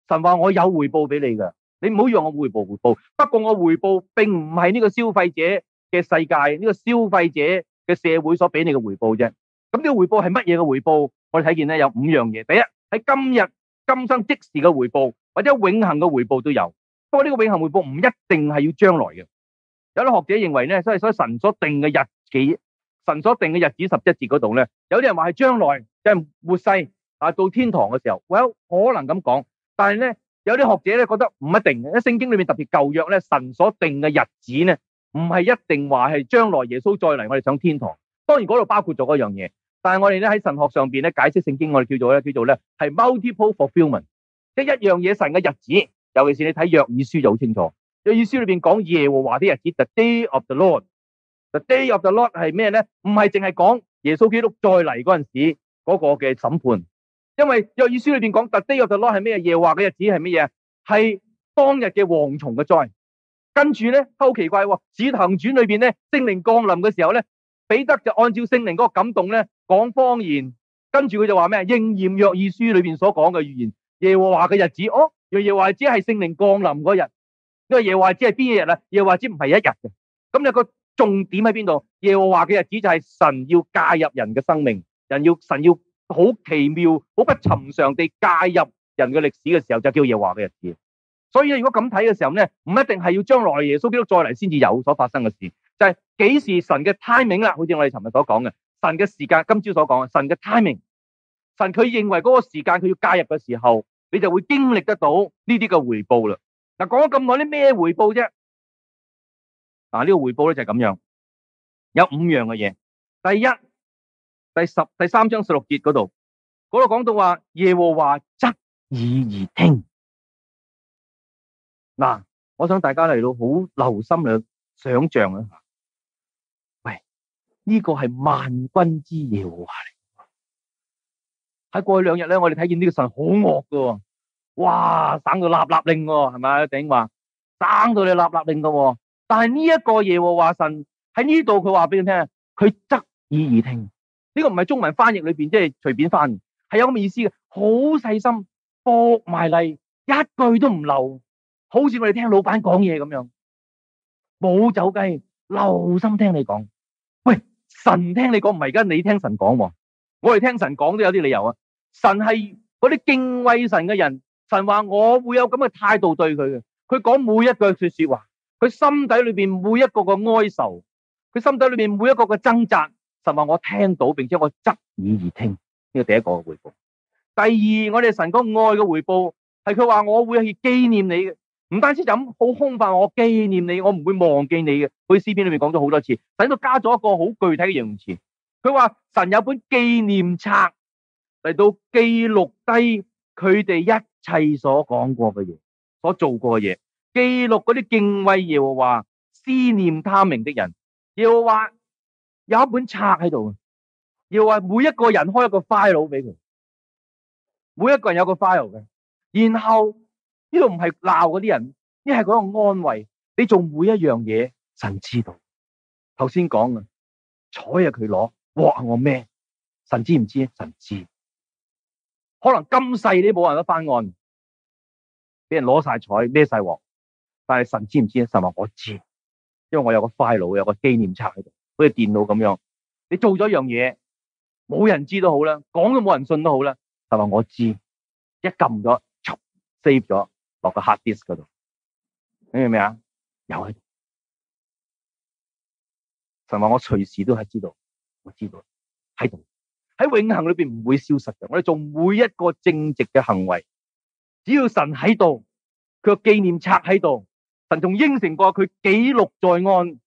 神話我有回報俾你噶，你唔好讓我回報回報。不過我回報並唔係呢個消費者嘅世界，呢個消費者嘅社會所俾你嘅回報啫。咁呢個回報係乜嘢嘅回報？我哋睇見呢，有五樣嘢。第一，喺今日今生即時嘅回報，或者永恒嘅回報都有。不過呢個永恒回報唔一定係要將來嘅。有啲學者認為呢，所以所神所定嘅日子，神所定嘅日子，十一節嗰度呢，有啲人話係將來，即係活世。啊，到天堂嘅時候我、well, 可能咁講，但係呢，有啲學者呢覺得唔一定，因為聖經裏面特別舊約呢，神所定嘅日子呢，唔係一定話係將來耶穌再嚟，我哋上天堂。當然嗰度包括咗嗰樣嘢，但係我哋呢喺神學上面呢解釋聖經，我哋叫做呢叫做呢係 multiple fulfillment，即係一樣嘢神嘅日子，尤其是你睇約珥書就好清楚，約珥書裏面講耶和華啲日子，the day of the Lord，the day of the Lord 係咩呢？唔係淨係講耶穌基督再嚟嗰陣時嗰個嘅審判。因為《約珥書》裏面講，特地又特來係咩嘢？耶和華嘅日子係乜嘢？係當日嘅蝗蟲嘅災。跟住咧，好奇怪喎、哦！紫藤面呢《使徒行傳》裏邊咧，聖靈降臨嘅時候咧，彼得就按照聖靈嗰個感動咧，講方言。跟住佢就話咩啊？應驗《約珥書》裏邊所講嘅預言。耶和華嘅日子，哦，若耶和華指係聖靈降臨嗰日。因為耶和華指係邊一日啊？耶和華指唔係一日嘅。咁有個重點喺邊度？耶和華嘅日子就係神要介入人嘅生命，人要神要。好奇妙，好不尋常地介入人嘅歷史嘅時候，就叫耶和華嘅日子。所以如果咁睇嘅時候咧，唔一定係要將來耶穌基督再嚟先至有所發生嘅事，就係幾時神嘅 timing 啦。好似我哋尋日所講嘅，神嘅時間，今朝所講嘅，神嘅 timing，神佢認為嗰個時間佢要介入嘅時候，你就會經歷得到呢啲嘅回報啦。嗱，講咗咁耐啲咩回報啫？嗱，呢個回報咧就係咁樣，有五樣嘅嘢。第一。第十第三章十六節嗰度，嗰度講到話耶和華側耳而聽。嗱，我想大家嚟到好留心去想象啊！喂，呢個係萬軍之耶和華嚟。喺過去兩日咧，我哋睇見呢個神好惡噶，哇，省到立立令，係咪？頂話省到你立立令噶，但係呢一個耶和華神喺呢度，佢話俾你聽，佢側耳而聽。呢、這個唔係中文翻譯裏邊，即、就、係、是、隨便翻，係有咁嘅意思嘅，好細心，博埋嚟，一句都唔漏，好似我哋聽老闆講嘢咁樣，冇走雞，留心聽你講。喂，神聽你講，唔係而家你聽神講喎，我哋聽神講都有啲理由啊。神係嗰啲敬畏神嘅人，神話我會有咁嘅態度對佢嘅，佢講每一句說說話，佢心底裏邊每一個嘅哀愁，佢心底裏邊每一個嘅掙扎。神話我聽到，並且我側耳而聽，呢、這個第一個回報。第二，我哋神嗰愛嘅回報係佢話我會去紀念你嘅，唔單止就咁好空泛，我紀念你，我唔會忘記你嘅。佢詩篇裏面講咗好多次，等到加咗一個好具體嘅形容詞，佢話神有本紀念冊嚟到記錄低佢哋一切所講過嘅嘢，所做過嘅嘢，記錄嗰啲敬畏耶和華、思念他名的人耶和華。也有一本冊喺度，要話每一個人開一個 file 俾佢，每一個人有個 file 嘅。然後呢度唔係鬧嗰啲人，呢係嗰個安慰你做每一樣嘢，神知道。頭先講嘅，彩啊佢攞，哇我咩？神知唔知，神知，知？神知。可能今世你冇人都翻案，俾人攞晒彩，孭晒鑊，但係神知唔知？神話我知，因為我有個 file，有個紀念冊喺度。好似電腦咁樣，你做咗一樣嘢，冇人知都好啦，講都冇人信都好啦。神話我知，一撳咗，save 咗，落個 hard disk 嗰度，你明唔明啊？有喺度，神話我隨時都係知道，我知道喺度，喺永恆裏邊唔會消失嘅。我哋做每一個正直嘅行為，只要神喺度，佢紀念冊喺度，神仲應承過佢記錄在案。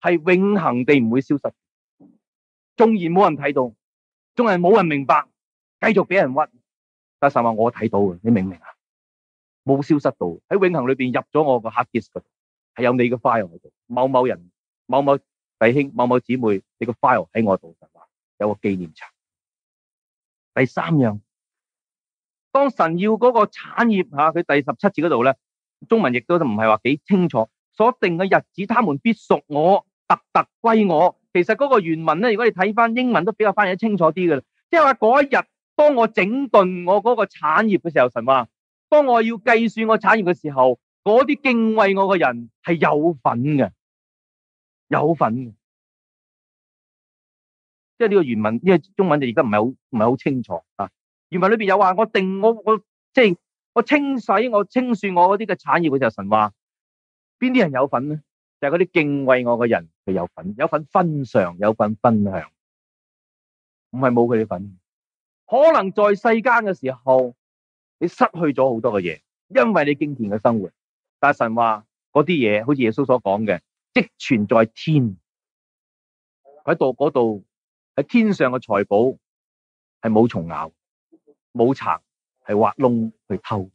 係永恒地唔會消失，縱然冇人睇到，縱然冇人明白，繼續俾人屈。但神話我睇到，你明唔明啊？冇消失到，喺永恒裏邊入咗我個 hard disk 嗰度，係有你嘅 file 喺度。某某人、某某弟兄、某某姊妹，你 file 個 file 喺我度，神話有個紀念冊。第三樣，當神要嗰個產業吓，佢第十七節嗰度咧，中文亦都唔係話幾清楚，所定嘅日子，他們必屬我。特特歸我，其實嗰個原文咧，如果你睇翻英文都比較翻譯得清楚啲嘅啦。即係話嗰一日，當我整頓我嗰個產業嘅時候，神話；當我要計算我產業嘅時候，嗰啲敬畏我嘅人係有份嘅，有份嘅。即係呢個原文，呢個中文就而家唔係好唔係好清楚啊。原文裏面有話，我定我我即係我清洗我清算我嗰啲嘅產業嘅時候，神話。邊啲人有份咧？就係嗰啲敬畏我嘅人，佢有份，有份分享，有份分享，唔係冇佢哋份。可能在世間嘅時候，你失去咗好多嘅嘢，因為你經典嘅生活。但神話嗰啲嘢，好似耶穌所講嘅，積存在天，喺度嗰度，喺天上嘅財寶係冇蟲咬，冇賊係挖窿去偷，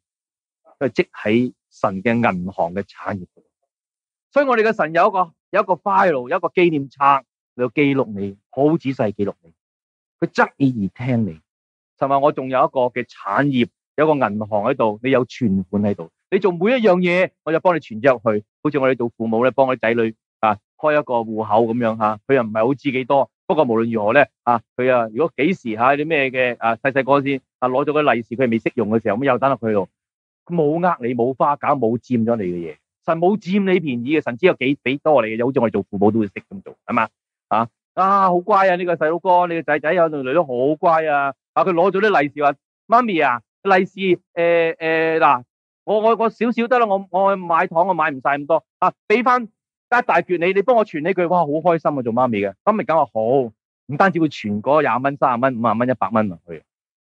佢積喺神嘅銀行嘅產業。所以我哋嘅神有一個有一個 file 有一個紀念冊，佢有記錄你，好仔細記錄你。佢側耳而聽你，同埋我仲有一個嘅產業，有個銀行喺度，你有存款喺度，你做每一樣嘢，我就幫你存入去。好似我哋做父母咧，幫啲仔女啊開一個戶口咁樣吓，佢又唔係好知幾多。不過無論如何咧啊，佢啊如果幾時吓啲咩嘅啊細細個先，啊攞咗個利是佢未識用嘅時候，咁、啊、又等落去度，冇呃你，冇花搞，冇佔咗你嘅嘢。神冇佔你便宜嘅，神只有幾俾多你嘅，好似我哋做父母都會識咁做，係嘛？啊啊，好乖啊！呢個細佬哥，你個仔仔有女女都好乖啊！啊，佢攞咗啲利是話，媽咪啊，利是誒誒，嗱、呃呃，我我我少少得啦，我我去買糖，我買唔晒咁多，啊，俾翻一大卷你，你幫我存呢句，哇，好開心啊！做媽咪嘅，咁咪咁話好，唔單止會存嗰廿蚊、三十蚊、五十蚊、一百蚊落去，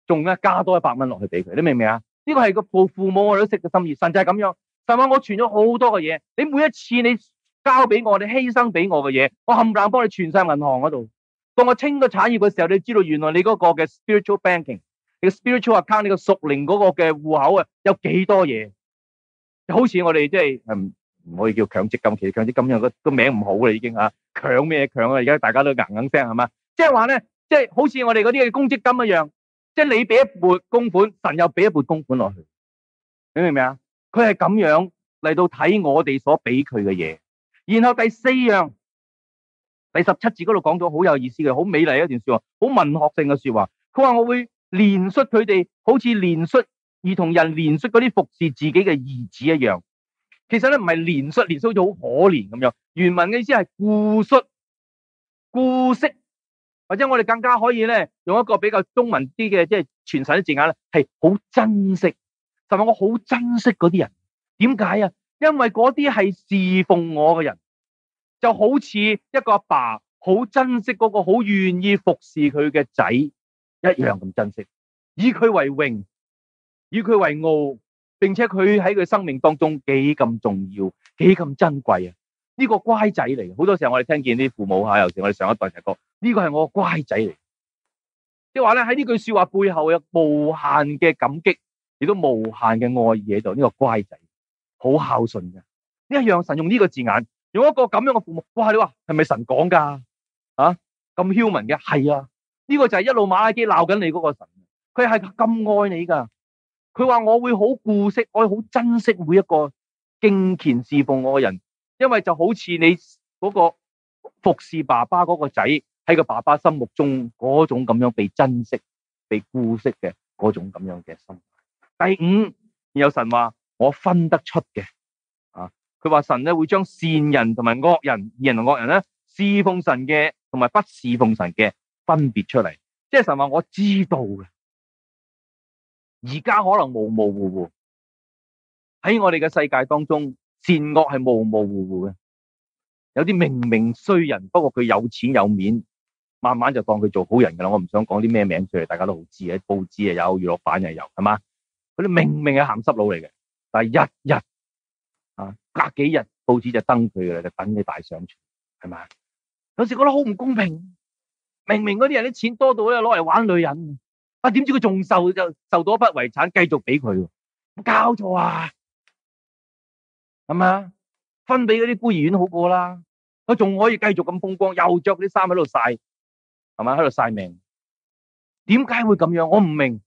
仲加多一百蚊落去俾佢，你明唔明啊？呢個係個做父母我哋都識嘅心意，甚至係咁樣。係嘛？我存咗好多嘅嘢，你每一次你交俾我，你犧牲俾我嘅嘢，我冚唪唥幫你存晒銀行嗰度。當我清個產業嘅時候，你知道原來你嗰個嘅 spiritual banking，你個 spiritual account，你個屬靈嗰個嘅戶口啊，有幾多嘢？好似我哋即係唔唔可以叫強積金，其實強積金有個個名唔好啦，已經吓強咩強啊？而家大家都硬硬聲係嘛？即係話咧，即係好似我哋嗰啲公積金一樣，即係你俾一半公款，神又俾一半公款落去，明唔明啊？佢係咁樣嚟到睇我哋所俾佢嘅嘢，然後第四樣，第十七節嗰度講咗好有意思嘅，好美麗一段說話，好文學性嘅說話。佢話，我會憐恤佢哋，好似憐恤而童人憐恤嗰啲服侍自己嘅兒子一樣。其實咧唔係憐恤憐恤，好似好可憐咁樣。原文嘅意思係顧恤顧惜，或者我哋更加可以咧用一個比較中文啲嘅，即係傳神嘅字眼咧，係好珍惜。就係我好珍惜嗰啲人，點解啊？因為嗰啲係侍奉我嘅人，就好似一個阿爸好珍惜嗰、那個好願意服侍佢嘅仔一樣咁珍惜，以佢為榮，以佢為傲，並且佢喺佢生命當中幾咁重要，幾咁珍貴啊！呢、這個乖仔嚟，好多時候我哋聽見啲父母吓，有時我哋上一代、這個、就講呢個係我乖仔嚟，即係話咧，喺呢句說話背後有無限嘅感激。亦都無限嘅愛意喺度，呢個乖仔，好孝順嘅。呢一樣，神用呢個字眼，用一個咁樣嘅父母，哇！你話係咪神講噶啊？咁 human 嘅係啊，呢、這個就係一路馬拉基鬧緊你嗰個神，佢係咁愛你噶，佢話我會好顧惜，我會好珍惜每一個敬虔侍奉我嘅人，因為就好似你嗰個服侍爸爸嗰個仔喺個爸爸心目中嗰種咁樣被珍惜、被顧惜嘅嗰種咁樣嘅心。第五有神話，我分得出嘅啊！佢話神咧會將善人同埋惡人，善人同惡人咧，侍奉神嘅同埋不侍奉神嘅分別出嚟。即係神話我知道嘅。而家可能模模糊糊喺我哋嘅世界當中，善惡係模模糊糊嘅。有啲明明衰人，不過佢有錢有面，慢慢就當佢做好人噶啦。我唔想講啲咩名出嚟，大家都好知嘅。報紙又有，娛樂版又有，係嘛？佢哋明明係鹹濕佬嚟嘅，但係日日啊，隔幾日報紙就登佢嘅啦，就等你大上場，係咪啊？有陣時覺得好唔公平，明明嗰啲人啲錢多到咧攞嚟玩女人啊，點知佢仲受就受到一筆遺產，繼續俾佢，冇搞錯啊？係咪啊？分俾嗰啲孤兒院好過啦，佢仲可以繼續咁風光，又着啲衫喺度晒，係咪喺度晒命？點解會咁樣？我唔明。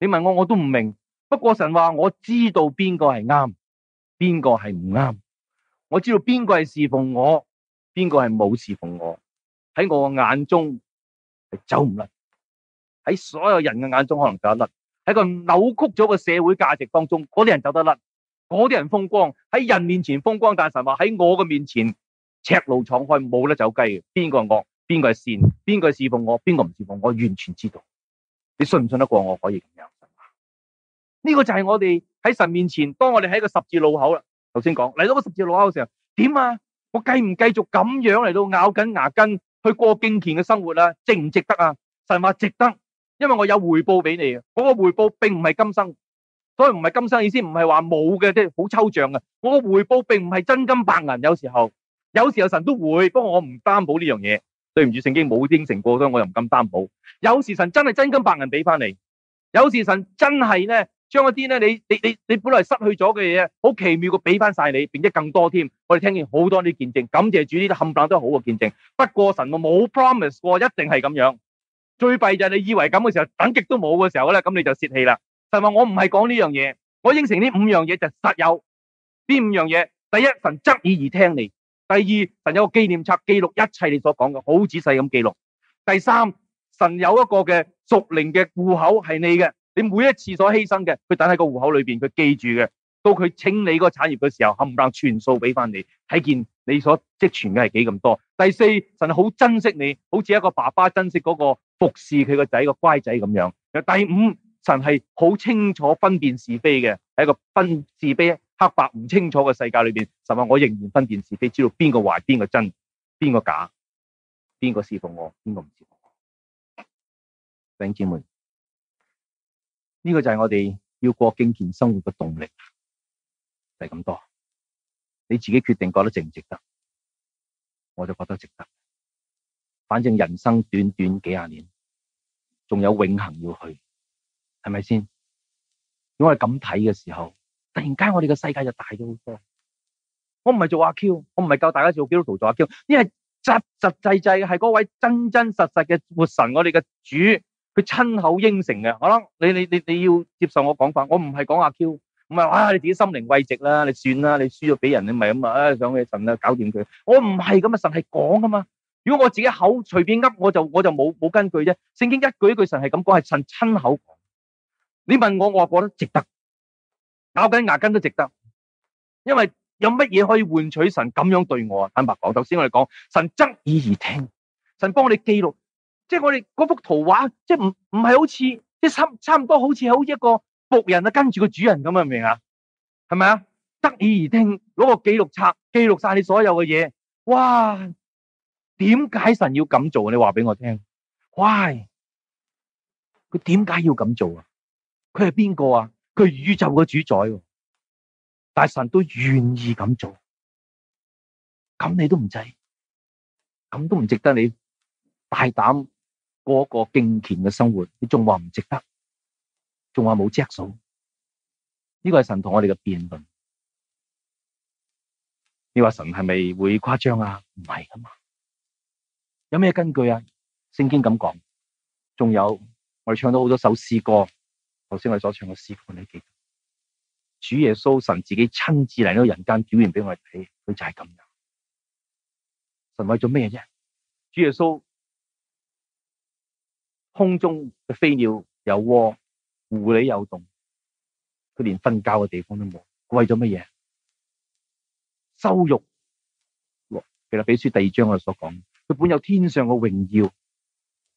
你問我我都唔明。不過神話我知道邊個係啱，邊個係唔啱，我知道邊個係侍奉我，邊個係冇侍奉我。喺我嘅眼中係走唔甩，喺所有人嘅眼中可能走得甩。喺個扭曲咗嘅社會價值當中，嗰啲人走得甩，嗰啲人風光喺人面前風光，但神話喺我嘅面前赤闖，赤露敞開冇得走雞嘅。邊個係惡，邊個係善，邊個係侍奉我，邊個唔侍奉我，奉我我完全知道。你信唔信得過我可以咁樣？呢個就係我哋喺神面前，當我哋喺個十字路口啦。頭先講嚟到個十字路口嘅時候，點啊？我繼唔繼續咁樣嚟到咬緊牙根去過敬虔嘅生活啊？值唔值得啊？神話值得，因為我有回報俾你啊。嗰個回報並唔係今生，所以唔係今生意思不是，唔係話冇嘅，即係好抽象啊。我個回報並唔係真金白銀，有時候，有時候神都會，不過我唔擔保呢樣嘢。對唔住，聖經冇應承過，所以我又唔敢擔保。有時神真係真金白銀俾翻你，有時神真係咧，將一啲咧，你你你你本嚟失去咗嘅嘢，好奇妙嘅俾翻晒你，並且更多添。我哋聽見好多呢啲見證，感謝主呢啲冚唪唥都係好嘅見證。不過神我冇 promise 過一定係咁樣。最弊就係你以為咁嘅時候，等極都冇嘅時候咧，咁你就泄氣啦。神話我唔係講呢樣嘢，我應承呢五樣嘢就實有。呢五樣嘢，第一神側耳而聽你；第二神有個紀念冊記錄一切你所講嘅，好仔細咁記錄；第三神有一個嘅屬靈嘅戶口係你嘅。你每一次所犧牲嘅，佢等喺個戶口裏邊，佢記住嘅，到佢清理個產業嘅時候，冚唪唥全數俾翻你，睇見你所積存嘅係幾咁多。第四，神好珍惜你，好似一個爸爸珍惜嗰個服侍佢個仔個乖仔咁樣。第五，神係好清楚分辨是非嘅，喺個分是非黑白唔清楚嘅世界裏邊，神話我仍然分辨是非，知道邊個壞邊個真，邊個假，邊個侍奉我，邊個唔侍奉我。弟兄姊妹，呢個就係我哋要過敬虔生活嘅動力，就係咁多。你自己決定覺得值唔值得，我就覺得值得。反正人生短短幾廿年，仲有永恒要去，係咪先？如果係咁睇嘅時候，突然間我哋嘅世界就大咗好多。我唔係做阿 Q，我唔係教大家做基督徒做阿 Q，呢係實實際際係嗰位真真實實嘅活神，我哋嘅主。佢親口應承嘅，好啦你你你你要接受我講法，我唔係講阿 Q，唔係啊你自己心靈慰藉啦，你算啦，你輸咗俾人你咪咁啊，唉，上去神啊，搞掂佢，我唔係咁啊，神係講噶嘛，如果我自己口隨便噏，我就我就冇冇根據啫，聖經一句一句神係咁講，係神親口講，你問我我話覺得值得，咬緊牙根都值得，因為有乜嘢可以換取神咁樣對我啊？坦白講，頭先我哋講神側耳而聽，神幫我哋記錄。即係我哋嗰幅圖畫，即係唔唔係好似即係差差唔多，好似好似一個僕人啊，跟住個主人咁啊，明唔明啊？係咪啊？得意而聽，攞個紀錄記錄冊記錄晒你所有嘅嘢。哇！點解神要咁做？你話俾我聽。喂，佢點解要咁做啊？佢係邊個啊？佢宇宙嘅主宰。但神都願意咁做，咁你都唔制，咁都唔值得你大膽。過個敬虔嘅生活，你仲話唔值得，仲話冇質素？呢個係神同我哋嘅辯論。你話神係咪會誇張啊？唔係噶嘛，有咩根據啊？聖經咁講，仲有，我哋唱咗好多首詩歌。頭先我哋所唱嘅詩歌，你記得？主耶穌，神自己親自嚟到人間表演，表現俾我哋睇，佢就係咁樣。神為咗咩啫？主耶穌。空中嘅飛鳥有窩，狐狸有洞，佢連瞓覺嘅地方都冇。為咗乜嘢？羞辱。其實《彼書》第二章我哋所講，佢本有天上嘅榮耀，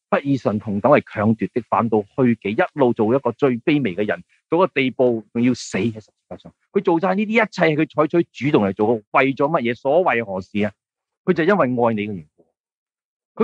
不以神同等係強奪的，反倒虛己一路做一個最卑微嘅人，到個地步仲要死喺十字架上。佢做晒呢啲一切，佢採取主動嚟做，為咗乜嘢？所為何事啊？佢就係因為愛你嘅緣故，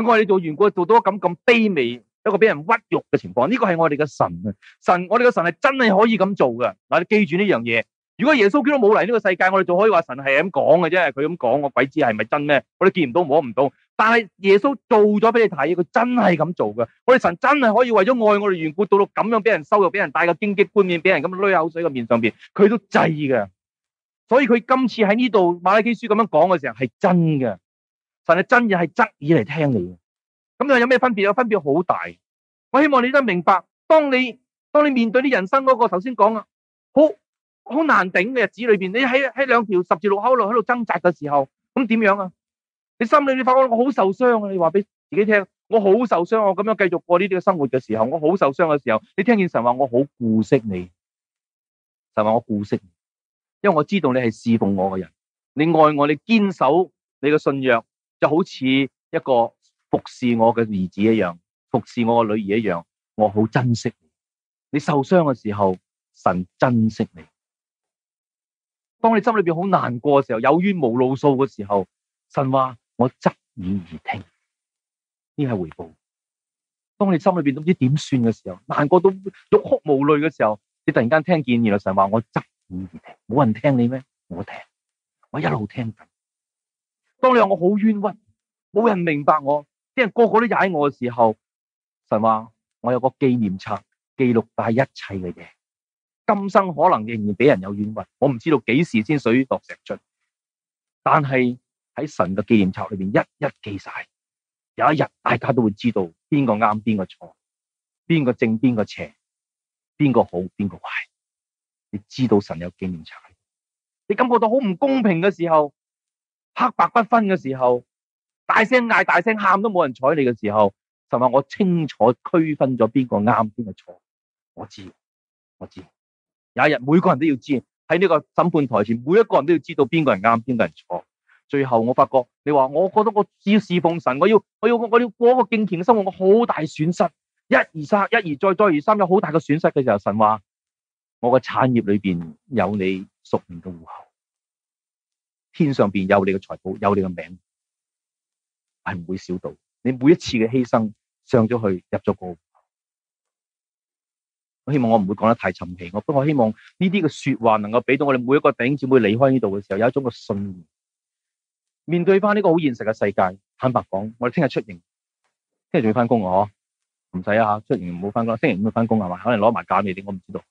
佢愛你做緣故，做到咁咁卑微。一個俾人屈辱嘅情況，呢個係我哋嘅神啊！神，我哋嘅神係真係可以咁做噶。嗱，你記住呢樣嘢。如果耶穌基督冇嚟呢個世界，我哋就可以話神係咁講嘅啫。佢咁講，我鬼知係咪真，我鬼知係咪真咩？我哋見唔到，摸唔到。但係耶穌做咗俾你睇，佢真係咁做噶。我哋神真係可以為咗愛我哋，緣故到到咁樣俾人羞辱，俾人戴個荊棘冠冕，俾人咁攞下口水嘅面上邊，佢都制噶。所以佢今次喺呢度馬拉基書咁樣講嘅時候係真嘅。神係真嘅，係真嚟聽你的。嘅。咁又有咩分別啊？分別好大。我希望你都明白，當你當你面對啲人生嗰個，頭先講啊，好好難頂嘅日子裏邊，你喺喺兩條十字路口度喺度掙扎嘅時候，咁點樣啊？你心裏你發覺我好受傷啊！你話俾自己聽，我好受傷啊！我咁樣繼續過呢啲嘅生活嘅時候，我好受傷嘅時候，你聽見神話我好顧惜你，神話我顧惜你，因為我知道你係侍奉我嘅人，你愛我，你堅守你嘅信約，就好似一個。服侍我嘅兒子一樣，服侍我嘅女兒一樣，我好珍惜你。你受傷嘅時候，神珍惜你；當你心裏邊好難過嘅時候，有冤無路訴嘅時候，神話我側耳而聽，呢係回報。當你心裏邊都唔知點算嘅時候，難過到欲哭無淚嘅時候，你突然間聽見原來神話我側耳而聽，冇人聽你咩？我聽，我一路聽緊。當你話我好冤屈，冇人明白我。啲人個個都踩我嘅時候，神話我有個紀念冊記錄大一切嘅嘢。今生可能仍然俾人有怨恨，我唔知道幾時先水落石出。但係喺神嘅紀念冊裏邊，一一記晒。有一日大家都會知道邊個啱，邊個錯，邊個正，邊個邪，邊個好，邊個壞。你知道神有紀念冊，你感覺到好唔公平嘅時候，黑白不分嘅時候。大聲嗌、大聲喊，大聲都冇人睬你嘅時候，神話我清楚區分咗邊個啱、邊個錯。我知，我知。有一日，每個人都要知喺，呢個審判台前，每一個人都要知道邊個人啱、邊個人錯。最後我發覺，你話我覺得我只要侍奉神，我要我要我要過一個敬虔嘅生活，我好大損失。一而三，一而再，再而三，有好大嘅損失嘅時候，神話我嘅產業裏邊有你屬名嘅戶口，天上邊有你嘅財寶，有你嘅名。係唔會少到，你每一次嘅犧牲上咗去入咗個，我希望我唔會講得太沉奇。我不過我希望呢啲嘅說話能夠俾到我哋每一個弟兄姊妹離開呢度嘅時候有一種嘅信念，面對翻呢個好現實嘅世界。坦白講，我哋聽日出營，聽日仲要翻工我唔使啊，啊出營唔好翻工，星期五會翻工係嘛？可能攞埋假你啲，我唔知道。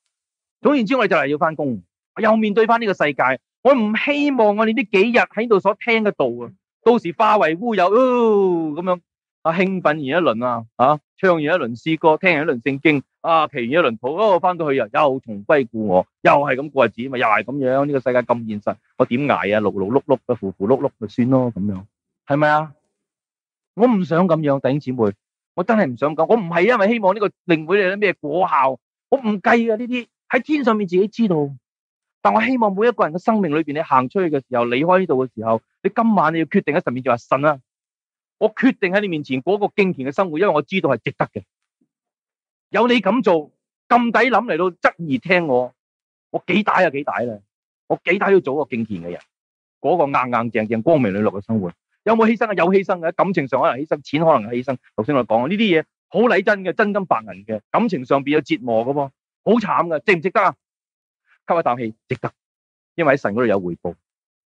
總然之我哋就係要翻工，又面對翻呢個世界，我唔希望我哋呢幾日喺度所聽得到。啊。到時化為烏有哦，咁樣啊興奮完一輪啊，啊唱完一輪詩歌，聽完一輪聖經，啊祈完一輪禱，哦翻到去又重歸故我，又係咁過日子，咪又係咁樣？呢個世界咁現實，我點挨啊？碌碌碌碌，佢糊糊碌碌就算咯？咁樣係咪啊？我唔想咁樣，弟兄姊妹，我真係唔想咁。我唔係因為希望呢個令到你有啲咩果效，我唔計啊呢啲喺天上面自己知道。但我希望每一個人嘅生命裏邊，你行出去嘅時候，離開呢度嘅時候。你今晚你要決定喺神面前話神啦，我決定喺你面前過一個敬虔嘅生活，因為我知道係值得嘅。有你咁做咁抵諗嚟到質疑聽我，我幾大啊幾大啦，我幾大要做一個敬虔嘅人，嗰個硬硬正正光明磊落嘅生活。有冇犧牲啊？有犧牲嘅啊，感情上可能犧牲，錢可能係犧牲。頭先我講啊，呢啲嘢好禮真嘅，真金白銀嘅。感情上變咗折磨噶噃，好慘噶，值唔值得啊？吸一啖氣，值得，因為喺神嗰度有回報。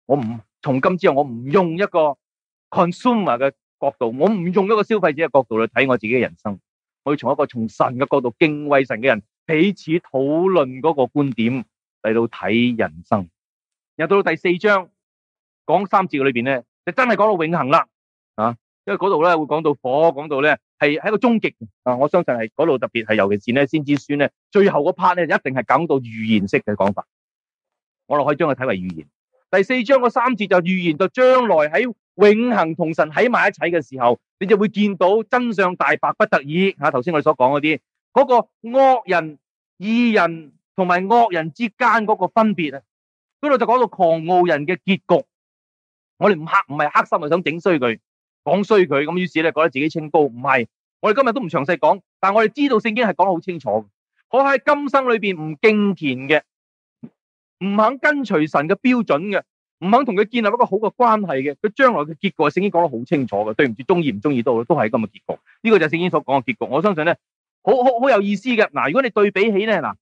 我唔。從今之後，我唔用一個 consumer 嘅角度，我唔用一個消費者嘅角度去睇我自己嘅人生。我要從一個從神嘅角度敬畏神、嘅人彼此討論嗰個觀點嚟到睇人生。又到第四章講三節嘅裏邊咧，就真係講到永恒啦啊！因為嗰度咧會講到火，講到咧係喺個終極啊！我相信係嗰度特別係，尤其是咧先知書咧最後嗰 part 咧一定係講到預言式嘅講法，我哋可以將佢睇為預言。第四章嗰三節就預言，到將來喺永恒同神喺埋一齊嘅時候，你就會見到真相大白不得已。吓。頭先我哋所講嗰啲，嗰個惡人、義人同埋惡人之間嗰個分別啊，嗰度就講到狂傲人嘅結局。我哋唔黑，唔係黑心啊，想整衰佢，講衰佢咁，於是咧覺得自己清高。唔係，我哋今日都唔詳細講，但我哋知道聖經係講得好清楚的。我喺今生裏面唔敬虔嘅。唔肯跟隨神嘅標準嘅，唔肯同佢建立一個好嘅關係嘅，佢將來嘅結果聖經講得好清楚嘅，對唔住，中意唔中意都都係咁嘅結局。呢、這個就係聖經所講嘅結局。我相信咧，好好好有意思嘅。嗱，如果你對比起咧，嗱，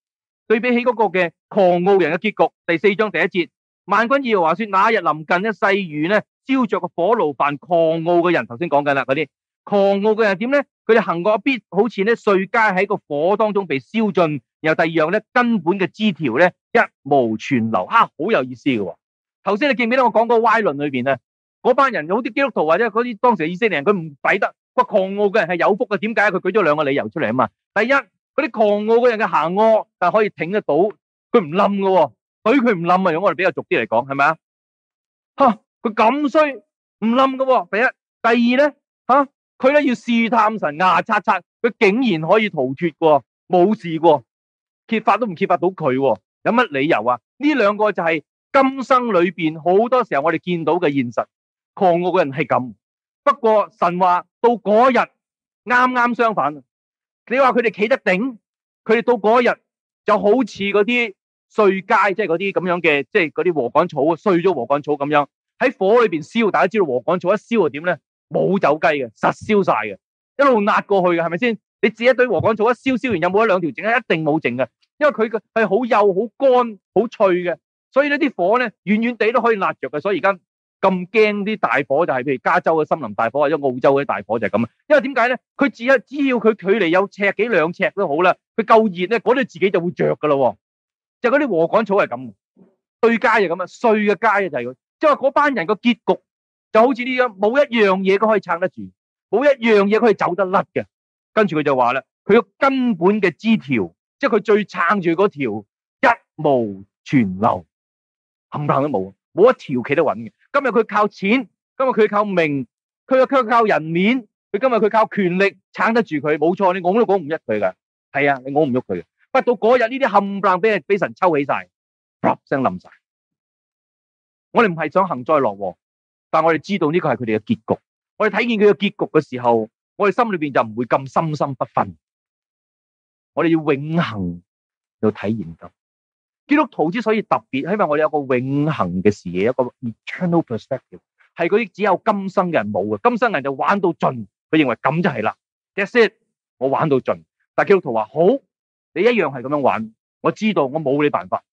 對比起嗰個嘅狂傲人嘅結局，第四章第一節，萬軍耶和華說，那日臨近一世遇呢，燒着個火爐凡狂傲嘅人，頭先講緊啦，嗰啲狂傲嘅人點咧？佢哋行過邊，好似咧碎街喺個火當中被燒盡。然後第二樣咧，根本嘅枝條咧一無存留，吓、啊、好有意思嘅、啊。頭先你記唔記得我講嗰歪論裏邊啊，嗰班人，有啲基督徒或者嗰啲當時嘅以色列人，佢唔抵得嗰狂傲嘅人係有福嘅。點解？佢舉咗兩個理由出嚟啊嘛。第一，嗰啲狂傲嘅人嘅行惡，但係可以挺得到，佢唔冧嘅，懟佢唔冧啊。用我哋比較俗啲嚟講，係咪啊？吓，佢咁衰唔冧嘅。第一，第二咧，吓佢咧要試探神牙擦擦，佢、啊、竟然可以逃脫嘅、啊，冇事嘅、啊。揭發都唔揭發到佢，啊，有乜理由啊？呢兩個就係今生裏邊好多時候我哋見到嘅現實，狂傲嘅人係咁。不過神話到嗰日，啱啱相反。你話佢哋企得頂，佢哋到嗰日就好似嗰啲碎街，即係嗰啲咁樣嘅，即係嗰啲禾稈草，碎咗禾稈草咁樣喺火裏邊燒。大家知道禾稈草一燒係點咧？冇走雞嘅，實燒晒嘅，一路壓過去嘅，係咪先？你自己一堆禾稈草，一燒，燒完有冇一兩條剩？一定冇剩嘅，因為佢佢係好幼、好乾、好脆嘅，所以火呢啲火咧，遠遠地都可以焫着嘅。所以而家咁驚啲大火就係、是、譬如加州嘅森林大火或者澳洲嘅大火就係咁啊。因為點解咧？佢置一只要佢距離有尺幾兩尺都好啦，佢夠熱咧，嗰啲自己就會着噶啦。就嗰啲禾稈草係咁碎街就咁啊，碎嘅街就係佢。即係話嗰班人個結局就好似呢咁，冇一樣嘢都可以撐得住，冇一樣嘢可以走得甩嘅。跟住佢就話啦，佢個根本嘅枝條，即係佢最撐住嗰條一無存留，冚唪唥都冇，冇一條企得穩嘅。今日佢靠錢，今日佢靠名，佢又靠人面，佢今日佢靠權力撐得住佢，冇錯，你講都講唔喐佢噶，係啊，你講唔喐佢嘅。不過到嗰日呢啲冚唪唥俾人俾神抽起晒，砰聲冧晒。我哋唔係想幸災樂禍，但我哋知道呢個係佢哋嘅結局。我哋睇見佢嘅結局嘅時候。我哋心裏邊就唔會咁深深不忿，我哋要永恒要體驗到。基督徒之所以特別，因為我哋有個永恒嘅視野，一個 eternal perspective，係嗰啲只有今生嘅人冇嘅。今生人就玩到盡，佢認為咁就係啦，That's it，我玩到盡。但基督徒話：好，你一樣係咁樣玩，我知道我冇你辦法，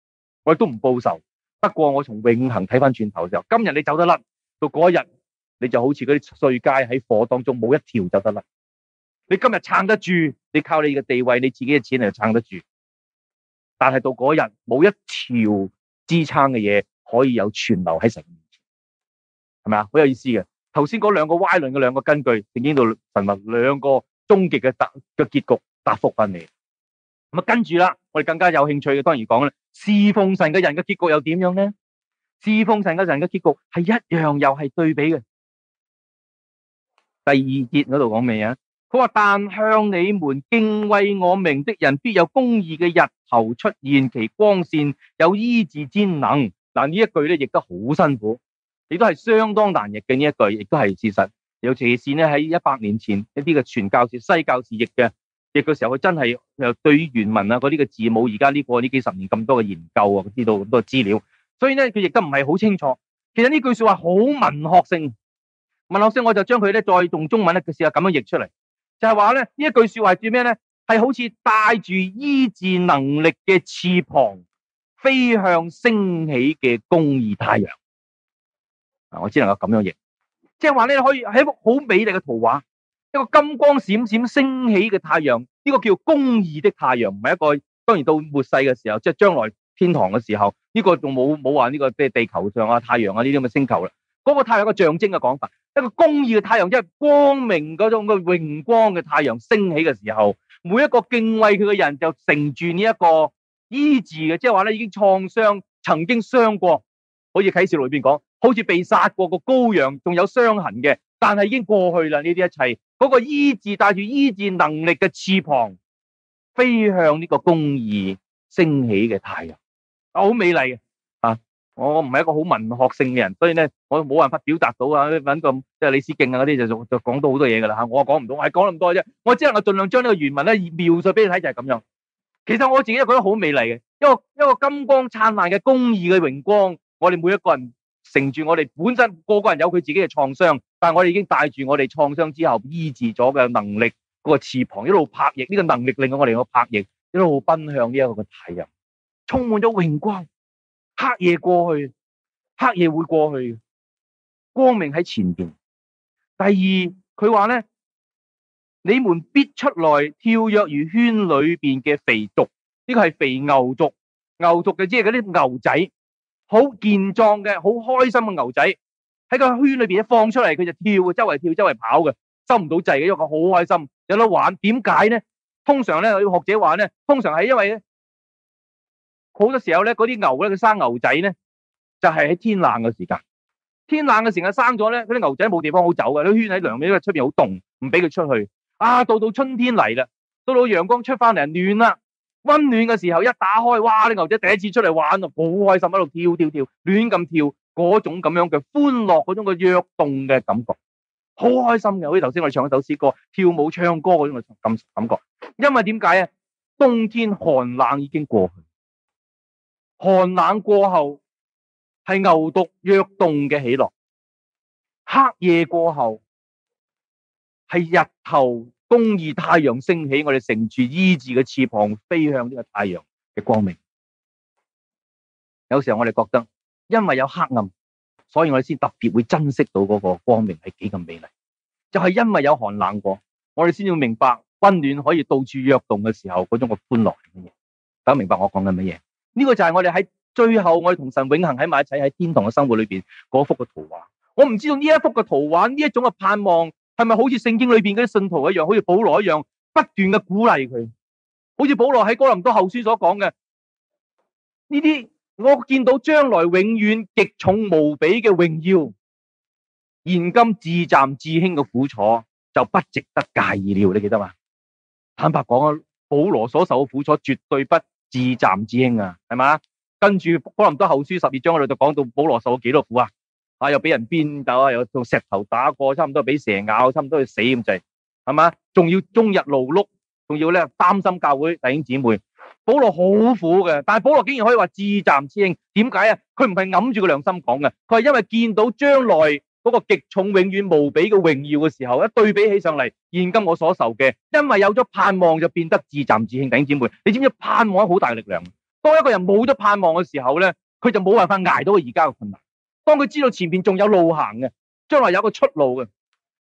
我亦都唔報仇。不過我從永恒睇翻轉頭嘅時候，今日你走得甩到嗰一日。你就好似嗰啲碎稭喺火當中冇一條就得啦。你今日撐得住，你靠你嘅地位、你自己嘅錢嚟，撐得住，但係到嗰日冇一條支撐嘅嘢可以有存留喺神面前，係咪啊？好有意思嘅。頭先嗰兩個歪論嘅兩個根據，正經度神話兩個終極嘅答嘅結局答覆翻你。咁啊，跟住啦，我哋更加有興趣嘅，當然講啦，侍奉神嘅人嘅結局又點樣咧？侍奉神嘅人嘅結局係一樣又係對比嘅。第二節嗰度講咩呀？佢話，但向你們敬畏我名的人，必有公義嘅日頭出現，其光線有醫治之能。嗱，呢一句咧，亦都好辛苦，亦都係相當難譯嘅呢一句，亦都係事實。尤其是呢咧，喺一百年前一啲嘅傳教士、西教士譯嘅譯嘅時候，佢真係又對於原文啊嗰啲嘅字母，而家呢個呢幾十年咁多嘅研究啊，知道咁多資料，所以咧佢亦都唔係好清楚。其實呢句說話好文學性。問老師，我就將佢咧再用中文咧試下咁樣譯出嚟，就係、是、話咧呢一句說話叫咩咧？係好似帶住醫治能力嘅翅膀，飛向升起嘅公義太陽。啊，我只能夠咁樣譯，即係話咧可以喺一幅好美麗嘅圖畫，一個金光閃閃升起嘅太陽，呢、這個叫公義的太陽，唔係一個當然到末世嘅時候，即係將來天堂嘅時候，呢、這個仲冇冇話呢個即係地球上啊太陽啊呢啲咁嘅星球啦。嗰個太陽個象徵嘅講法，一個公義嘅太陽，即係光明嗰種嘅榮光嘅太陽升起嘅時候，每一個敬畏佢嘅人就乘住呢一個醫治嘅，即係話咧已經創傷，曾經傷過，好似啟示錄裏邊講，好似被殺過個羔羊，仲有傷痕嘅，但係已經過去啦呢啲一切。嗰個醫治帶住醫治能力嘅翅膀，飛向呢個公義升起嘅太陽，好美麗嘅。我唔係一個好文學性嘅人，所以咧，我冇辦法表達到啊！搵咁即係李思敬啊嗰啲就就講到好多嘢噶啦吓，我講唔到，我係講咁多啫。我只能夠盡量將呢個原文咧描述俾你睇，就係、是、咁樣。其實我自己都覺得好美麗嘅，一個一個金光燦爛嘅公義嘅榮光。我哋每一個人乘住我哋本身個個人有佢自己嘅創傷，但係我哋已經帶住我哋創傷之後醫治咗嘅能力、個翅膀一路拍翼，呢、這個能力令到我哋個拍翼一路奔向呢一個嘅太陽，充滿咗榮光。黑夜過去，黑夜會過去，光明喺前邊。第二，佢話咧，你們必出來跳躍如圈裏邊嘅肥犢，呢個係肥牛犢，牛犢嘅即係嗰啲牛仔，好健壯嘅，好開心嘅牛仔喺個圈裏邊一放出嚟，佢就跳，周圍跳，周圍跑嘅，收唔到掣嘅，因為佢好開心，有得玩。點解咧？通常咧，學者話咧，通常係因為。好多時候咧，嗰啲牛咧，佢生牛仔咧，就係、是、喺天冷嘅時間。天冷嘅時間生咗咧，嗰啲牛仔冇地方好走嘅，都圈喺涼尾，因為出面好凍，唔俾佢出去。啊，到到春天嚟啦，到到陽光出翻嚟，暖啦，溫暖嘅時候一打開，哇！啲牛仔第一次出嚟玩啊，好開心，喺度跳跳跳，亂咁跳，嗰種咁樣嘅歡樂，嗰種嘅躍動嘅感覺，好開心嘅。好似頭先我哋唱一首詩歌，跳舞唱歌嗰種嘅感覺。因為點解啊？冬天寒冷已經過去。寒冷過後，係牛犢躍動嘅喜樂；黑夜過後，係日頭公義太陽升起。我哋乘住醫治嘅翅膀，飛向呢個太陽嘅光明。有時候我哋覺得，因為有黑暗，所以我哋先特別會珍惜到嗰個光明係幾咁美麗。就係、是、因為有寒冷過，我哋先要明白溫暖可以到處躍動嘅時候，嗰種嘅歡樂係乜嘢。大家明白我講緊乜嘢？呢個就係我哋喺最後，我哋同神永恒喺埋一齊喺天堂嘅生活裏邊嗰幅嘅圖畫。我唔知道呢一幅嘅圖畫，呢一種嘅盼望係咪好似聖經裏邊嗰啲信徒一樣，好似保羅一樣不斷嘅鼓勵佢。好似保羅喺哥林多後書所講嘅，呢啲我見到將來永遠極重無比嘅榮耀，現今自暫自輕嘅苦楚就不值得介意了。你記得嘛？坦白講啊，保羅所受嘅苦楚絕對不。自贊之兄啊，係嘛？跟住哥林多後書十二章嗰度就講到保羅受咗幾多苦啊，啊又俾人鞭打，又用石頭打過，差唔多俾蛇咬，差唔多要死咁滯，係嘛？仲要終日勞碌，仲要咧擔心教會弟兄姊妹，保羅好苦嘅，但係保羅竟然可以話自贊之兄？點解啊？佢唔係揞住個良心講嘅，佢係因為見到將來。嗰個極重永遠無比嘅榮耀嘅時候，一對比起上嚟，現今我所受嘅，因為有咗盼望就變得至暫至輕。弟兄姊妹，你知唔知盼望好大力量？當一個人冇咗盼望嘅時候咧，佢就冇辦法挨到而家嘅困難。當佢知道前面仲有路行嘅，將來有個出路嘅，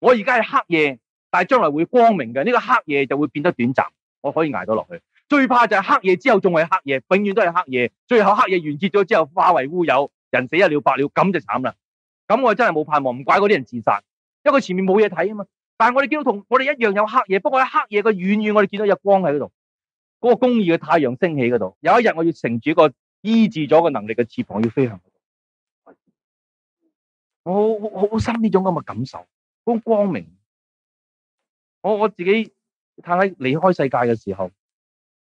我而家係黑夜，但係將來會光明嘅。呢個黑夜就會變得短暫，我可以挨到落去。最怕就係黑夜之後仲係黑夜，永遠都係黑夜。最後黑夜完結咗之後化為烏有，人死一了百了，咁就慘啦。咁我真係冇盼望，唔怪嗰啲人自殺，因為佢前面冇嘢睇啊嘛。但係我哋見到同我哋一樣有黑夜，不過喺黑夜，個遠遠，我哋見到有光喺嗰度，嗰個公義嘅太陽升起嗰度。有一日我要乘住個醫治咗嘅能力嘅翅膀要飛行。我好深呢種咁嘅感受，種光明。我我自己睇下喺離開世界嘅時候，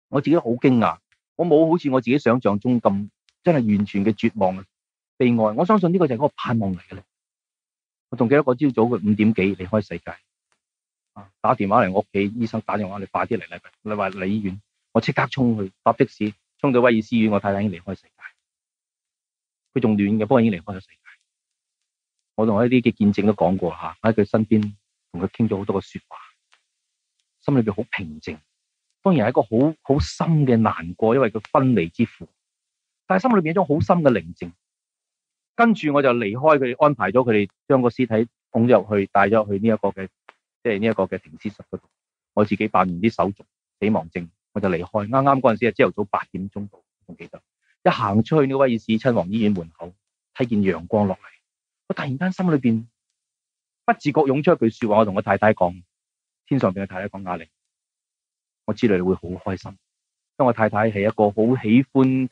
我自己好驚訝，我冇好似我自己想象中咁真係完全嘅絕望啊！悲哀，我相信呢個就係嗰個盼望嚟嘅咧。我仲記得個朝早嘅五點幾離開世界，啊，打電話嚟我屋企，醫生打電話嚟快啲嚟禮拜，你話嚟醫院，我即刻衝去搭的士，衝到威爾斯醫院，我太太已經離開世界，佢仲暖嘅，不過已經離開咗世界。我同我呢啲嘅見證都講過吓，喺佢身邊同佢傾咗好多嘅說話，心裏邊好平靜。當然係一個好好深嘅難過，因為佢分離之苦，但係心裏邊有一種好深嘅寧靜。跟住我就離開佢哋，安排咗佢哋將個屍體捧入去，帶咗去呢一個嘅，即係呢一個嘅停屍室嗰度。我自己辦完啲手續、死亡證，我就離開。啱啱嗰陣時係朝頭早八點鐘度，仲記得。一行出去呢，威爾士親王醫院門口，睇見陽光落嚟，我突然間心裏面不自覺湧出一句説話，我同我太太講，天上邊嘅太太講壓力。」我知道你會好開心，因為我太太係一個好喜歡，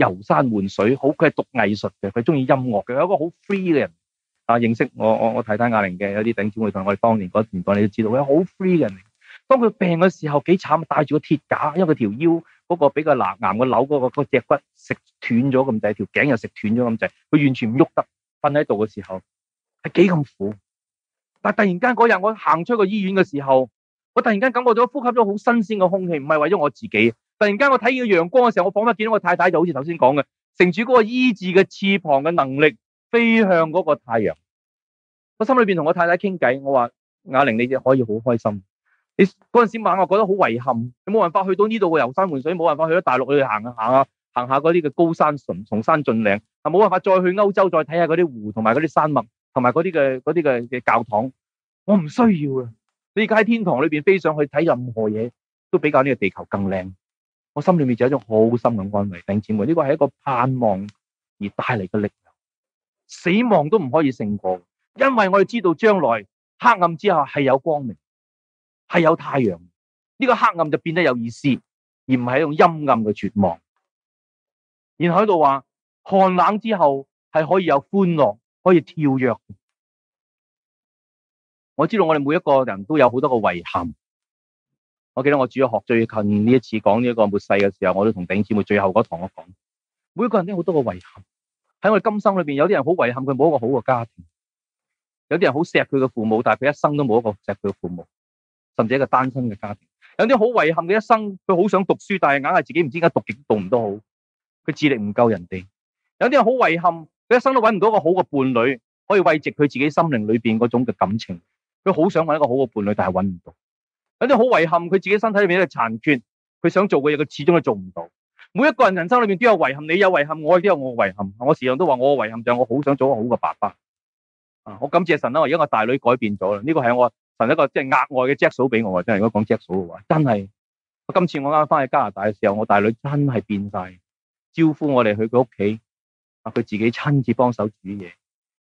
遊山玩水，好，佢係讀藝術嘅，佢中意音樂嘅，有一個好 free 嘅人啊！認識我，我我睇睇亞玲嘅有啲頂尖會同我哋當年嗰段你都知道，佢係好 free 嘅人。當佢病嘅時候幾慘，戴住個鐵架，因為條腰嗰個俾個藍癌個瘤嗰個個脊骨食斷咗咁滯，條頸又食斷咗咁滯，佢完全唔喐得，瞓喺度嘅時候係幾咁苦。但係突然間嗰日我行出個醫院嘅時候，我突然間感覺到呼吸咗好新鮮嘅空氣，唔係為咗我自己。突然間我睇見個陽光嘅時候，我仿佛見到我太太就好似頭先講嘅，乘住嗰個醫治嘅翅膀嘅能力飛向嗰個太陽。我心裏邊同我太太傾偈，我話雅玲，你可以好開心。你嗰陣時晚我覺得好遺憾，你冇辦法去到呢度嘅遊山玩水，冇辦法去到大陸去行下行下，行下嗰啲嘅高山崇重山峻嶺，啊冇辦法再去歐洲再睇下嗰啲湖同埋嗰啲山脈同埋嗰啲嘅嗰啲嘅嘅教堂。我唔需要啊！你而家喺天堂裏邊飛上去睇任何嘢，都比較呢個地球更靚。我心裏面就有一種好深嘅安慰，弟兄姊妹，呢個係一個盼望而帶嚟嘅力量，死亡都唔可以勝過，因為我哋知道將來黑暗之後係有光明，係有太陽，呢個黑暗就變得有意思，而唔係一種陰暗嘅絕望。然後喺度話寒冷之後係可以有歡樂，可以跳躍。我知道我哋每一個人都有好多嘅遺憾。我記得我主教學最近呢一次講呢一個末世嘅時候，我都同頂姊妹最後嗰堂我講，每個人都有好多嘅遺憾。喺我哋今生裏邊，有啲人好遺憾，佢冇一個好嘅家庭；有啲人好錫佢嘅父母，但係佢一生都冇一個錫佢嘅父母，甚至一個單身嘅家庭。有啲好遺憾嘅一生，佢好想讀書，但係硬係自己唔知點解讀極讀唔到好，佢智力唔夠人哋。有啲人好遺憾，佢一生都搵唔到一個好嘅伴侶，可以慰藉佢自己心靈裏邊嗰種嘅感情。佢好想搵一個好嘅伴侶，但係搵唔到。有啲好遺憾，佢自己身體裏邊一啲殘缺，佢想做嘅嘢佢始終都做唔到。每一個人人生裏面都有遺憾，你有遺憾，我亦都有我嘅遺憾。我時常都話我嘅遺憾就係我好想做一個好嘅爸爸。啊，我感謝神啦，而家我，我大女改變咗啦。呢、呢個係我神一個即係、即係、額外嘅著數俾我，我真係如果講著數嘅話，真係。今次我啱啱翻去加拿大嘅時候，我大女真係變晒，招呼我哋去佢屋企，啊，佢自己親自幫手煮嘢，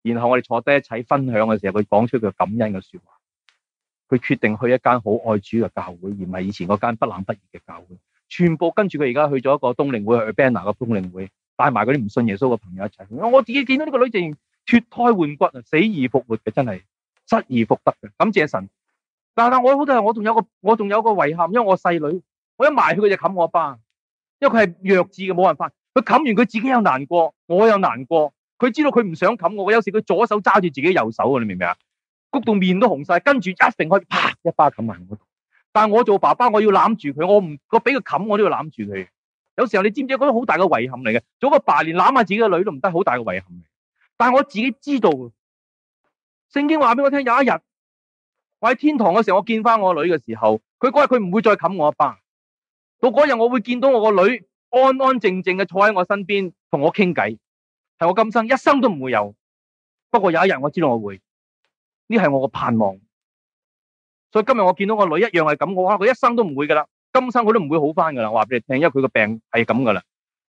然後我哋坐低一齊分享嘅時候，佢講出佢感恩嘅說話。佢決定去一間好愛主嘅教會，而唔係以前嗰間不冷不熱嘅教會。全部跟住佢而家去咗一個東嶺會，去 Banner 個東嶺會，帶埋嗰啲唔信耶穌嘅朋友一齊。我自己見到呢個女仔脫胎換骨啊，死而復活嘅，真係失而復得嘅。感謝神！但係我好多我仲有一個我仲有一個遺憾，因為我細女，我一埋去佢就冚我一巴，因為佢係弱智嘅，冇辦法。佢冚完佢自己又難過，我又難過。佢知道佢唔想冚我，有時佢左手揸住自己右手啊，你明唔明啊？焗到面都紅晒，跟住一成可以啪一巴冚埋我度。但係我做爸爸，我要攬住佢，我唔個俾佢冚，我都要攬住佢。有時候你知唔知嗰個好大嘅遺憾嚟嘅？做個爸連攬下自己嘅女都唔得，好大嘅遺憾嚟。但係我自己知道，聖經話俾我聽：「有一日我喺天堂嘅時候，我見翻我個女嘅時候，佢嗰日佢唔會再冚我一巴。」到嗰日我會見到我個女安安靜靜嘅坐喺我身邊同我傾偈。係我今生一生都唔會有，不過有一日我知道我會。呢係我嘅盼望，所以今日我見到個女一樣係咁，我話佢一生都唔會噶啦，今生佢都唔會好翻噶啦。話俾你聽，因為佢個病係咁噶啦，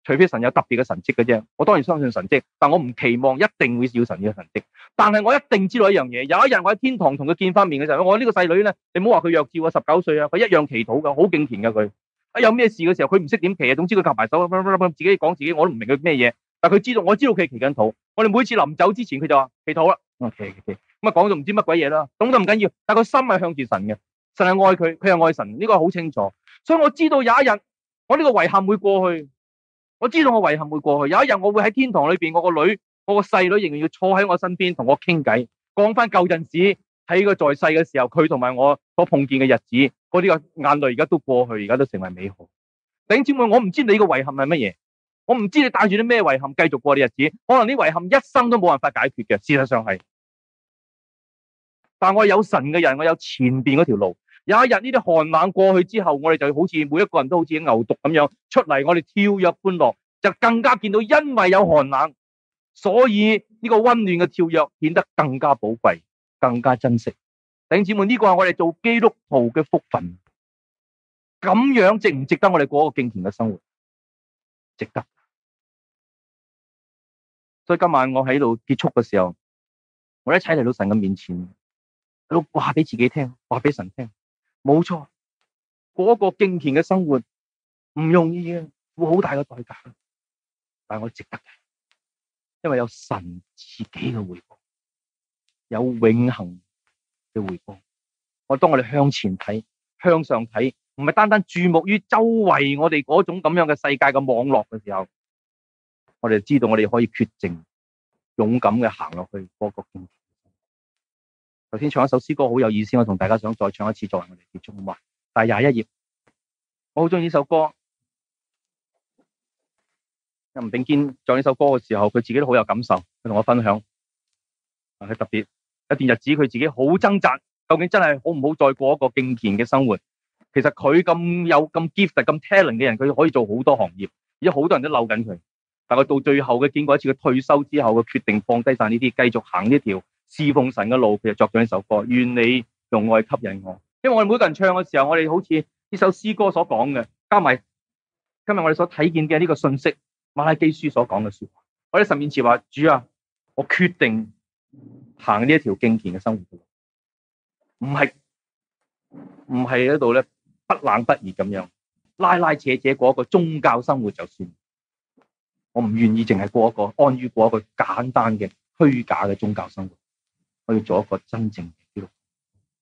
除非神有特別嘅神蹟嘅啫。我當然相信神蹟，但我唔期望一定會少神嘅神蹟。但係我一定知道一樣嘢，有一日我喺天堂同佢見翻面嘅時候，我個呢個細女咧，你唔好話佢弱智啊，十九歲啊，佢一樣祈禱噶，好敬虔噶佢。有咩事嘅時候，佢唔識點祈啊，總之佢夾埋手，自己講自己，我都唔明佢咩嘢，但佢知道，我知道佢祈緊禱。我哋每次臨走之前，佢就話祈禱啦。嗯，祈講到唔知乜鬼嘢啦，咁就唔緊要。但係個心係向住神嘅，神係愛佢，佢係愛神，呢個好清楚。所以我知道有一日，我呢個遺憾會過去。我知道我遺憾會過去。有一日我會喺天堂裏邊，我個女，我個細女仍然要坐喺我身邊同我傾偈，講翻舊陣時喺佢在、在世嘅時候，佢同埋我所碰見嘅日子，嗰啲個眼淚而家都過去，而家都成為美好。弟兄姊妹，我唔知你個遺憾係乜嘢，我唔知你帶住啲咩遺憾繼續過你日子，可能啲遺憾一生都冇辦法解決嘅。事實上係。但我有神嘅人，我有前邊嗰條路。有一日呢啲寒冷過去之後，我哋就好似每一個人都好似牛犢咁樣出嚟，我哋跳躍歡樂，就更加見到，因為有寒冷，所以呢個溫暖嘅跳躍顯得更加寶貴，更加珍惜。弟兄姊妹，呢個係我哋做基督徒嘅福分。咁樣值唔值得我哋過一個敬虔嘅生活？值得。所以今晚我喺度結束嘅時候，我一齊嚟到神嘅面前。都話俾自己聽，話俾神聽，冇錯。嗰個敬虔嘅生活唔容易嘅，付好大嘅代價，但我值得嘅，因為有神自己嘅回報，有永恒嘅回報。我當我哋向前睇、向上睇，唔係單單注目於周圍我哋嗰種咁樣嘅世界嘅網絡嘅時候，我哋知道我哋可以決定，勇敢嘅行落去嗰個敬虔。頭先唱一首詩歌好有意思，我同大家想再唱一次，作為我哋結束好嘛？第廿一頁，我好中意呢首歌。任炳堅唱呢首歌嘅時候，佢自己都好有感受，佢同我分享，係特別一段日子，佢自己好掙扎，究竟真係好唔好再過一個敬虔嘅生活？其實佢咁有咁 gift、咁 talent 嘅人，佢可以做好多行業，而家好多人都漏緊佢。但佢到最後嘅，經過一次佢退休之後佢決定放，放低晒呢啲，繼續行呢條。侍奉神嘅路，佢就作咗呢首歌。願你用愛吸引我，因為我哋每個人唱嘅時候，我哋好似呢首詩歌所講嘅，加埋今日我哋所睇見嘅呢個信息，馬拉基書所講嘅說話。我哋神面前話：主啊，我決定行呢一條敬虔嘅生活，唔係唔係喺度咧不冷不熱咁樣拉拉扯扯過一個宗教生活就算。我唔願意淨係過一個安於過一個簡單嘅虛假嘅宗教生活。我要做一個真正。